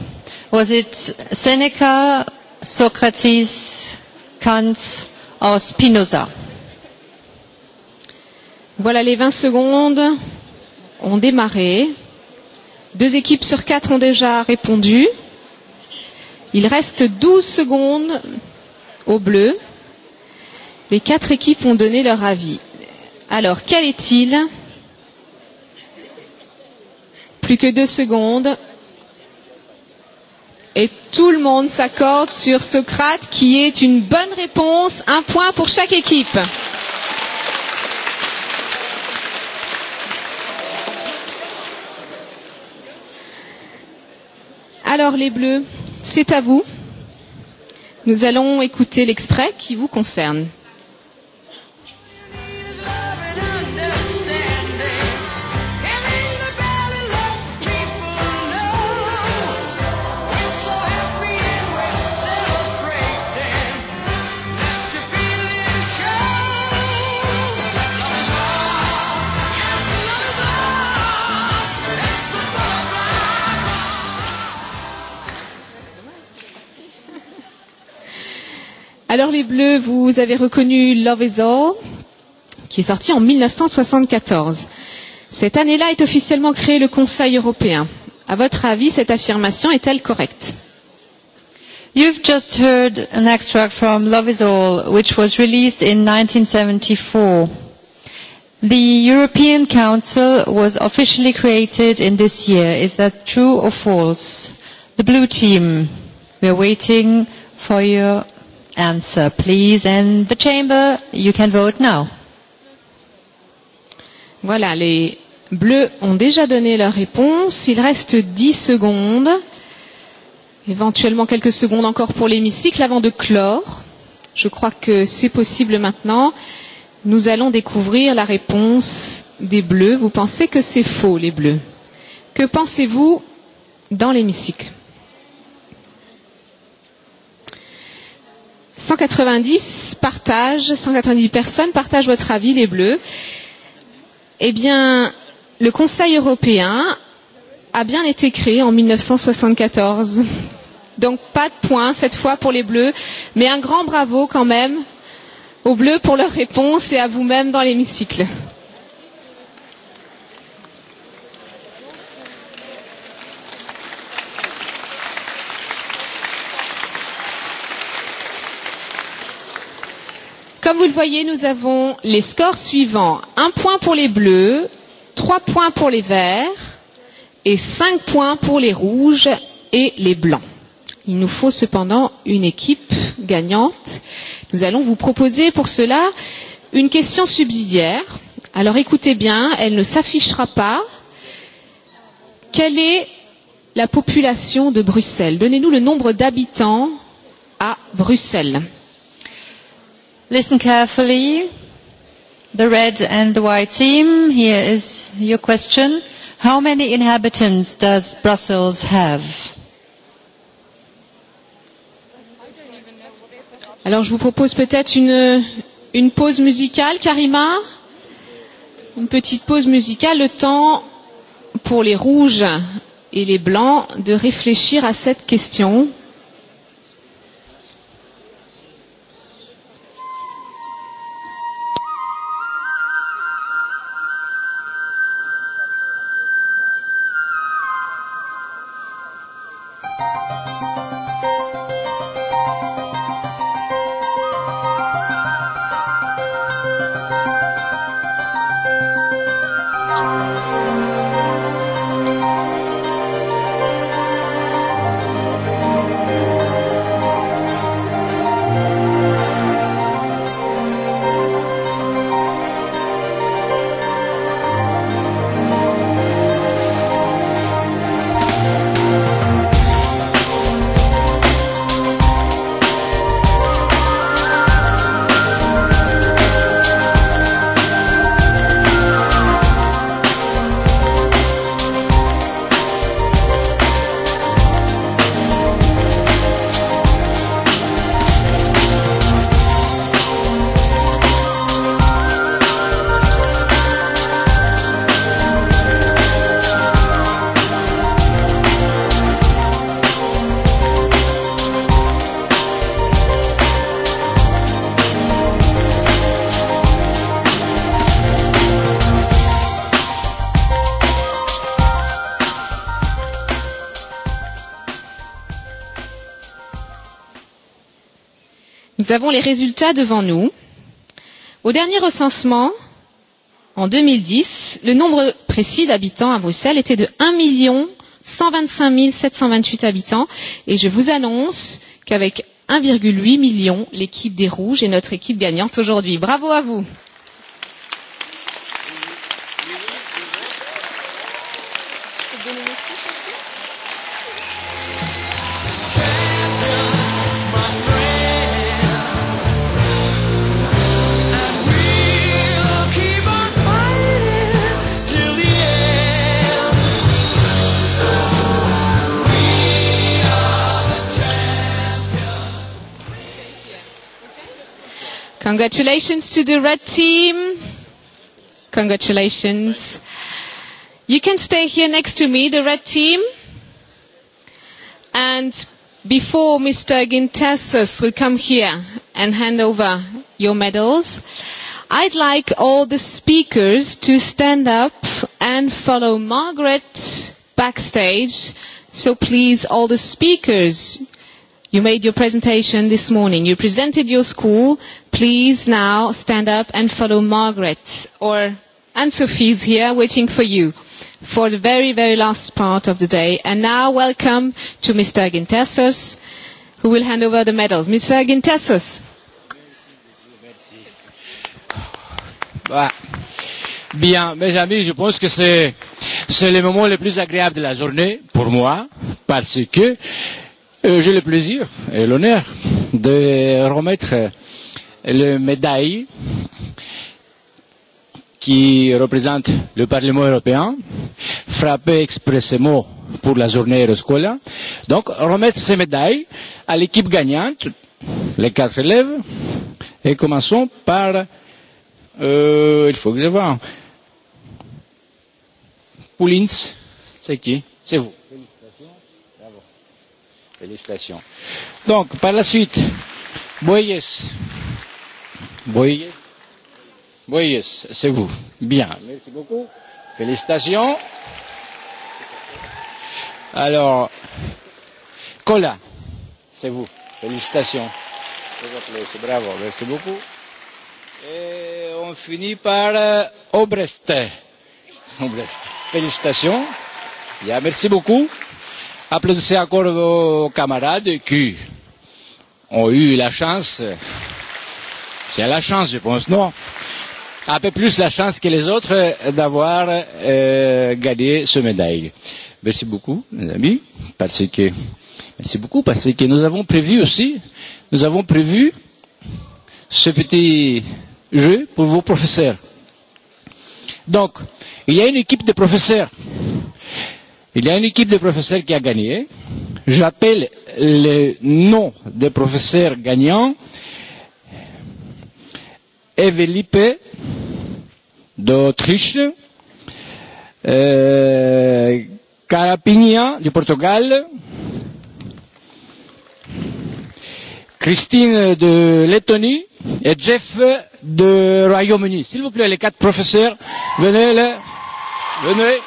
Was it Seneca, Socrates, Kant or Spinoza? Voilà les 20 secondes ont démarré. Deux équipes sur quatre ont déjà répondu. Il reste 12 secondes au bleu. Les quatre équipes ont donné leur avis. Alors, quel est-il Plus que deux secondes. Et tout le monde s'accorde sur Socrate qui est une bonne réponse, un point pour chaque équipe. Alors les bleus, c'est à vous. Nous allons écouter l'extrait qui vous concerne. Alors les Bleus, vous avez reconnu Love Is All, qui est sorti en 1974. Cette année-là est officiellement créé le Conseil européen. À votre avis, cette affirmation est-elle correcte You've just heard an extract from Love Is All, which was released in 1974. The European Council was officially created in this year. Is that true or false? The blue team, we are waiting for your answer, um, please. And the chamber, you can vote now. Voilà, les bleus ont déjà donné leur réponse. Il reste 10 secondes, éventuellement quelques secondes encore pour l'hémicycle avant de clore. Je crois que c'est possible maintenant. Nous allons découvrir la réponse des bleus. Vous pensez que c'est faux, les bleus. Que pensez-vous dans l'hémicycle 190 partagent, 190 personnes partagent votre avis, les Bleus. Eh bien, le Conseil européen a bien été créé en 1974. Donc pas de points cette fois pour les Bleus, mais un grand bravo quand même aux Bleus pour leur réponse et à vous-même dans l'hémicycle. Comme vous le voyez, nous avons les scores suivants. Un point pour les bleus, trois points pour les verts et cinq points pour les rouges et les blancs. Il nous faut cependant une équipe gagnante. Nous allons vous proposer pour cela une question subsidiaire. Alors écoutez bien, elle ne s'affichera pas. Quelle est la population de Bruxelles Donnez-nous le nombre d'habitants à Bruxelles. Listen carefully. The red and the white team, here is your question. How many inhabitants does Brussels have? Alors je vous propose peut-être une, une pause musicale, Karima. Une petite pause musicale, le temps pour les rouges et les blancs de réfléchir à cette question. Nous avons les résultats devant nous. Au dernier recensement, en 2010, le nombre précis d'habitants à Bruxelles était de 1 125 728 habitants et je vous annonce qu'avec 1,8 million, l'équipe des Rouges est notre équipe gagnante aujourd'hui. Bravo à vous. Congratulations to the red team. Congratulations. You can stay here next to me, the red team. And before Mr. Gintasos will come here and hand over your medals, I'd like all the speakers to stand up and follow Margaret backstage. So please, all the speakers, You made your presentation this morning. You presented your school. Please now stand up and follow Margaret or Anne-Sophie's here waiting for you for the very, very last part of the day. And now welcome to Mr. Gintessos, who will hand over the medals. Mr. Gintessos. Bien, mes amis, je pense que c'est, le moment le plus agréable de la journée pour moi parce que Euh, J'ai le plaisir et l'honneur de remettre le médaille qui représente le Parlement européen, frappé expressément pour la journée Euroscola. Donc, remettre ces médailles à l'équipe gagnante, les quatre élèves, et commençons par, euh, il faut que je vois, Poulins, c'est qui C'est vous. Félicitations. Donc, par la suite, Boyes. Boyes. Boyes, c'est vous. Bien. Merci beaucoup. Félicitations. Alors, Cola, c'est vous. Félicitations. Bravo, merci beaucoup. Et on finit par euh, Obrest. Obrest. Félicitations. Yeah, merci beaucoup. Applaudissez encore vos camarades qui ont eu la chance, c'est la chance je pense, non un peu plus la chance que les autres d'avoir euh, gagné ce médaille. Merci beaucoup, mes amis, parce que merci beaucoup parce que nous avons prévu aussi, nous avons prévu ce petit jeu pour vos professeurs. Donc, il y a une équipe de professeurs Il y a une équipe de professeurs qui a gagné. J'appelle le nom des professeurs gagnants. Evelipe d'Autriche, euh, Carapinia du Portugal, Christine de Lettonie et Jeff de Royaume-Uni. S'il vous plaît, les quatre professeurs, venez, les, venez.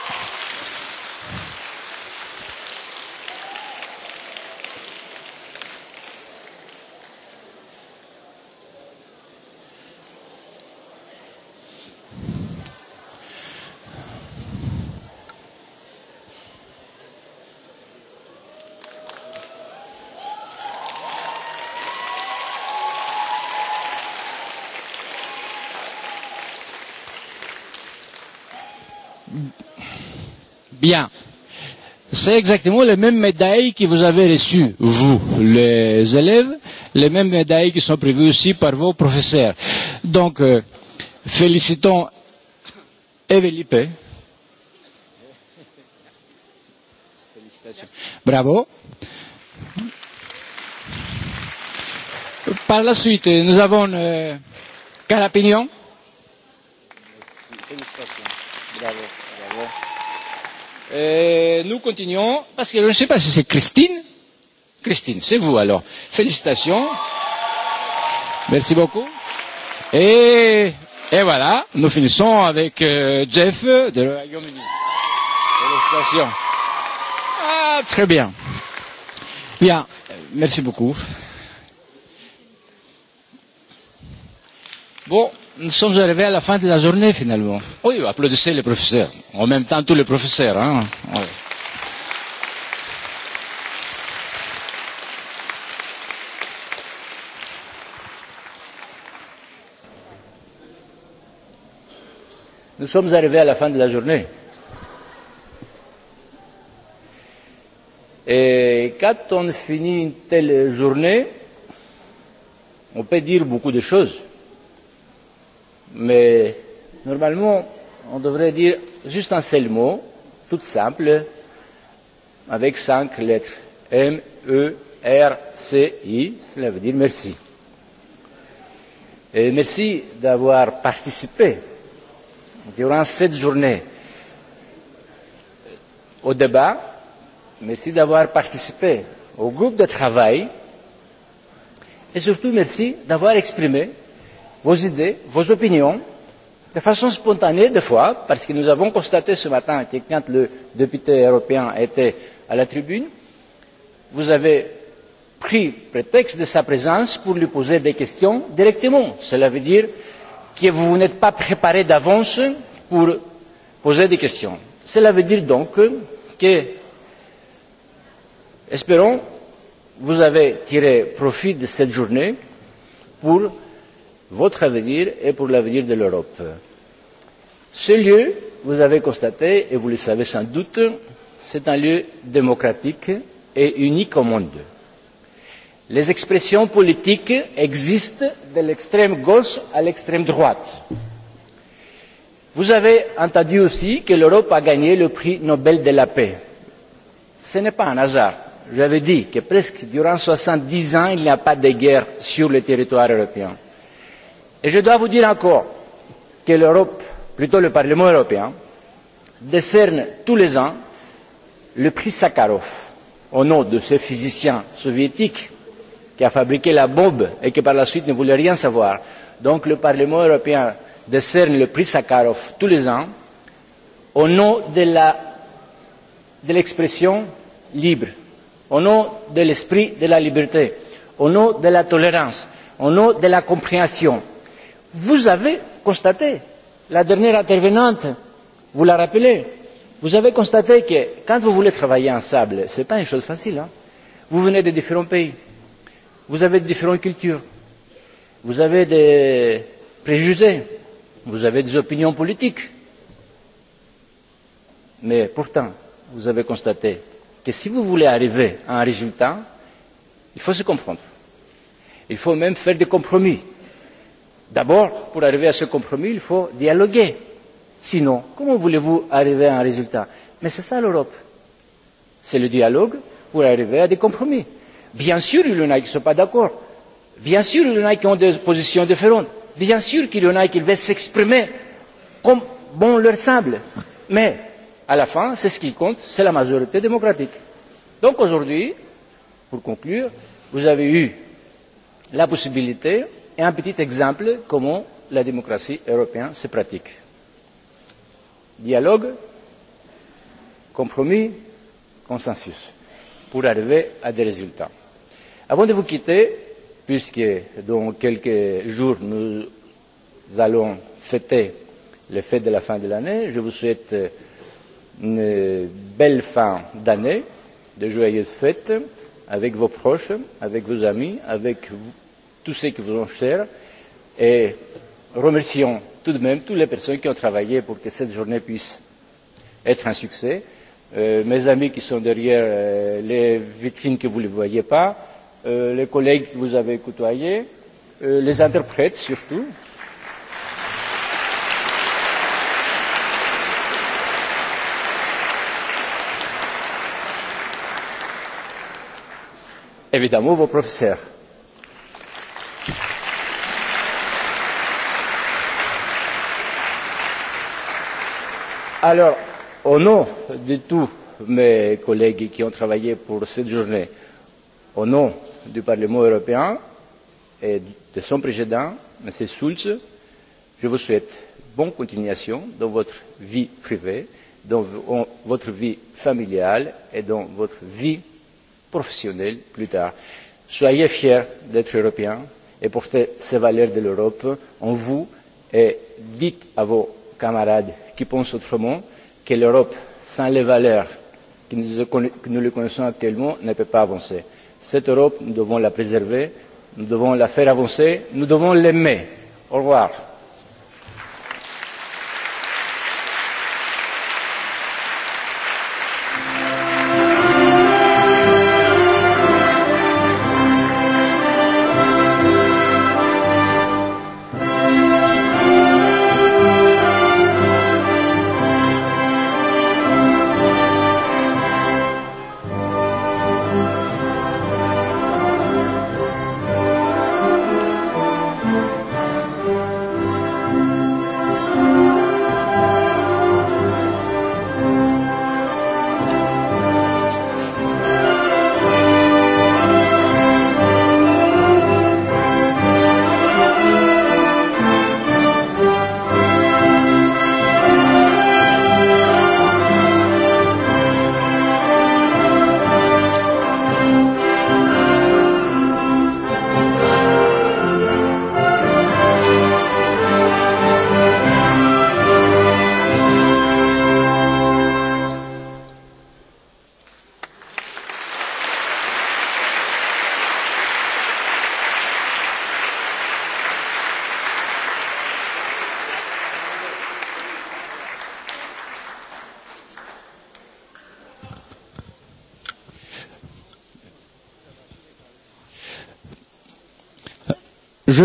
Bien. C'est exactement les mêmes médailles que vous avez reçues, vous, les élèves, les mêmes médailles qui sont prévues aussi par vos professeurs. Donc, euh, félicitons Evelipe. Bravo. Par la suite, nous avons euh, Carapignon. Félicitations. Et euh, nous continuons, parce que je ne sais pas si c'est Christine. Christine, c'est vous alors. Félicitations. Merci beaucoup. Et, et voilà, nous finissons avec euh, Jeff de Royaume-Uni. Félicitations. Ah, très bien. Bien, merci beaucoup. Bon nous sommes arrivés à la fin de la journée finalement. Oui, applaudissez les professeurs. En même temps, tous les professeurs. Hein. Oui. Nous sommes arrivés à la fin de la journée. Et quand on finit une telle journée, on peut dire beaucoup de choses. Mais normalement, on devrait dire juste un seul mot, tout simple, avec cinq lettres. M, E, R, C, I, cela veut dire merci. Et merci d'avoir participé durant cette journée au débat. Merci d'avoir participé au groupe de travail. Et surtout, merci d'avoir exprimé vos idées, vos opinions, de façon spontanée des fois, parce que nous avons constaté ce matin que quand le député européen était à la tribune, vous avez pris prétexte de sa présence pour lui poser des questions directement. Cela veut dire que vous, n'êtes pas préparé d'avance pour poser des questions. Cela veut dire donc que, espérons, vous avez tiré profit de cette journée pour votre avenir et pour l'avenir de l'Europe. Ce lieu, vous avez constaté, et vous le savez sans doute, c'est un lieu démocratique et unique au monde. Les expressions politiques existent de l'extrême gauche à l'extrême droite. Vous avez entendu aussi que l'Europe a gagné le prix Nobel de la paix. Ce n'est pas un hasard. J'avais dit que presque durant soixante dix ans, il n'y a pas de guerre sur le territoire européen. Et je dois vous dire encore que l'Europe, plutôt le Parlement européen, décerne tous les ans le prix Sakharov au nom de ce physicien soviétique qui a fabriqué la bombe et qui par la suite ne voulait rien savoir. Donc le Parlement européen décerne le prix Sakharov tous les ans au nom de l'expression de libre, au nom de l'esprit de la liberté, au nom de la tolérance, au nom de la compréhension Vous avez constaté, la dernière intervenante, vous l'a rappelé, vous avez constaté que quand vous voulez travailler ensemble, ce n'est pas une chose facile. Hein? Vous venez de différents pays, vous avez de différentes cultures, vous avez des préjugés, vous avez des opinions politiques. Mais pourtant, vous avez constaté que si vous voulez arriver à un résultat, il faut se comprendre. Il faut même faire des compromis D'abord, pour arriver à ce compromis, il faut dialoguer. Sinon, comment voulez-vous arriver à un résultat Mais c'est ça l'Europe. C'est le dialogue pour arriver à des compromis. Bien sûr, il y en a qui ne sont pas d'accord. Bien sûr, il y en a qui ont des positions différentes. Bien sûr qu'il y en a qui veulent s'exprimer comme bon leur semble. Mais, à la fin, c'est ce qui compte, c'est la majorité démocratique. Donc aujourd'hui, pour conclure, vous avez eu la possibilité un petit exemple comment la démocratie européenne se pratique. Dialogue, compromis, consensus, pour arriver à des résultats. Avant de vous quitter, puisque dans quelques jours nous allons fêter les fêtes de la fin de l'année, je vous souhaite une belle fin d'année, de joyeuses fêtes avec vos proches, avec vos amis, avec vous tous ceux qui vous ont cher et remercions tout de même toutes les personnes qui ont travaillé pour que cette journée puisse être un succès. Euh, mes amis qui sont derrière euh, les vitrines que vous ne voyez pas, euh, les collègues que vous avez côtoyés, euh, les interprètes surtout. Évidemment, vos professeurs. Alors, au nom de tous mes collègues qui ont travaillé pour cette journée, au nom du Parlement européen et de son président, M. Schulz, je vous souhaite bonne continuation dans votre vie privée, dans votre vie familiale et dans votre vie professionnelle plus tard. Soyez fiers d'être européens et portez ces valeurs de l'Europe en vous et dites à vos camarades qui pensent autrement, que l'Europe, sans les valeurs que nous, que nous les connaissons actuellement, ne peut pas avancer. Cette Europe, nous devons la préserver, nous devons la faire avancer, nous devons l'aimer. Au revoir.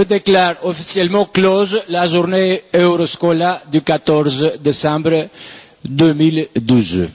déclare officiellement close la journée Euroscola du 14 décembre 2012.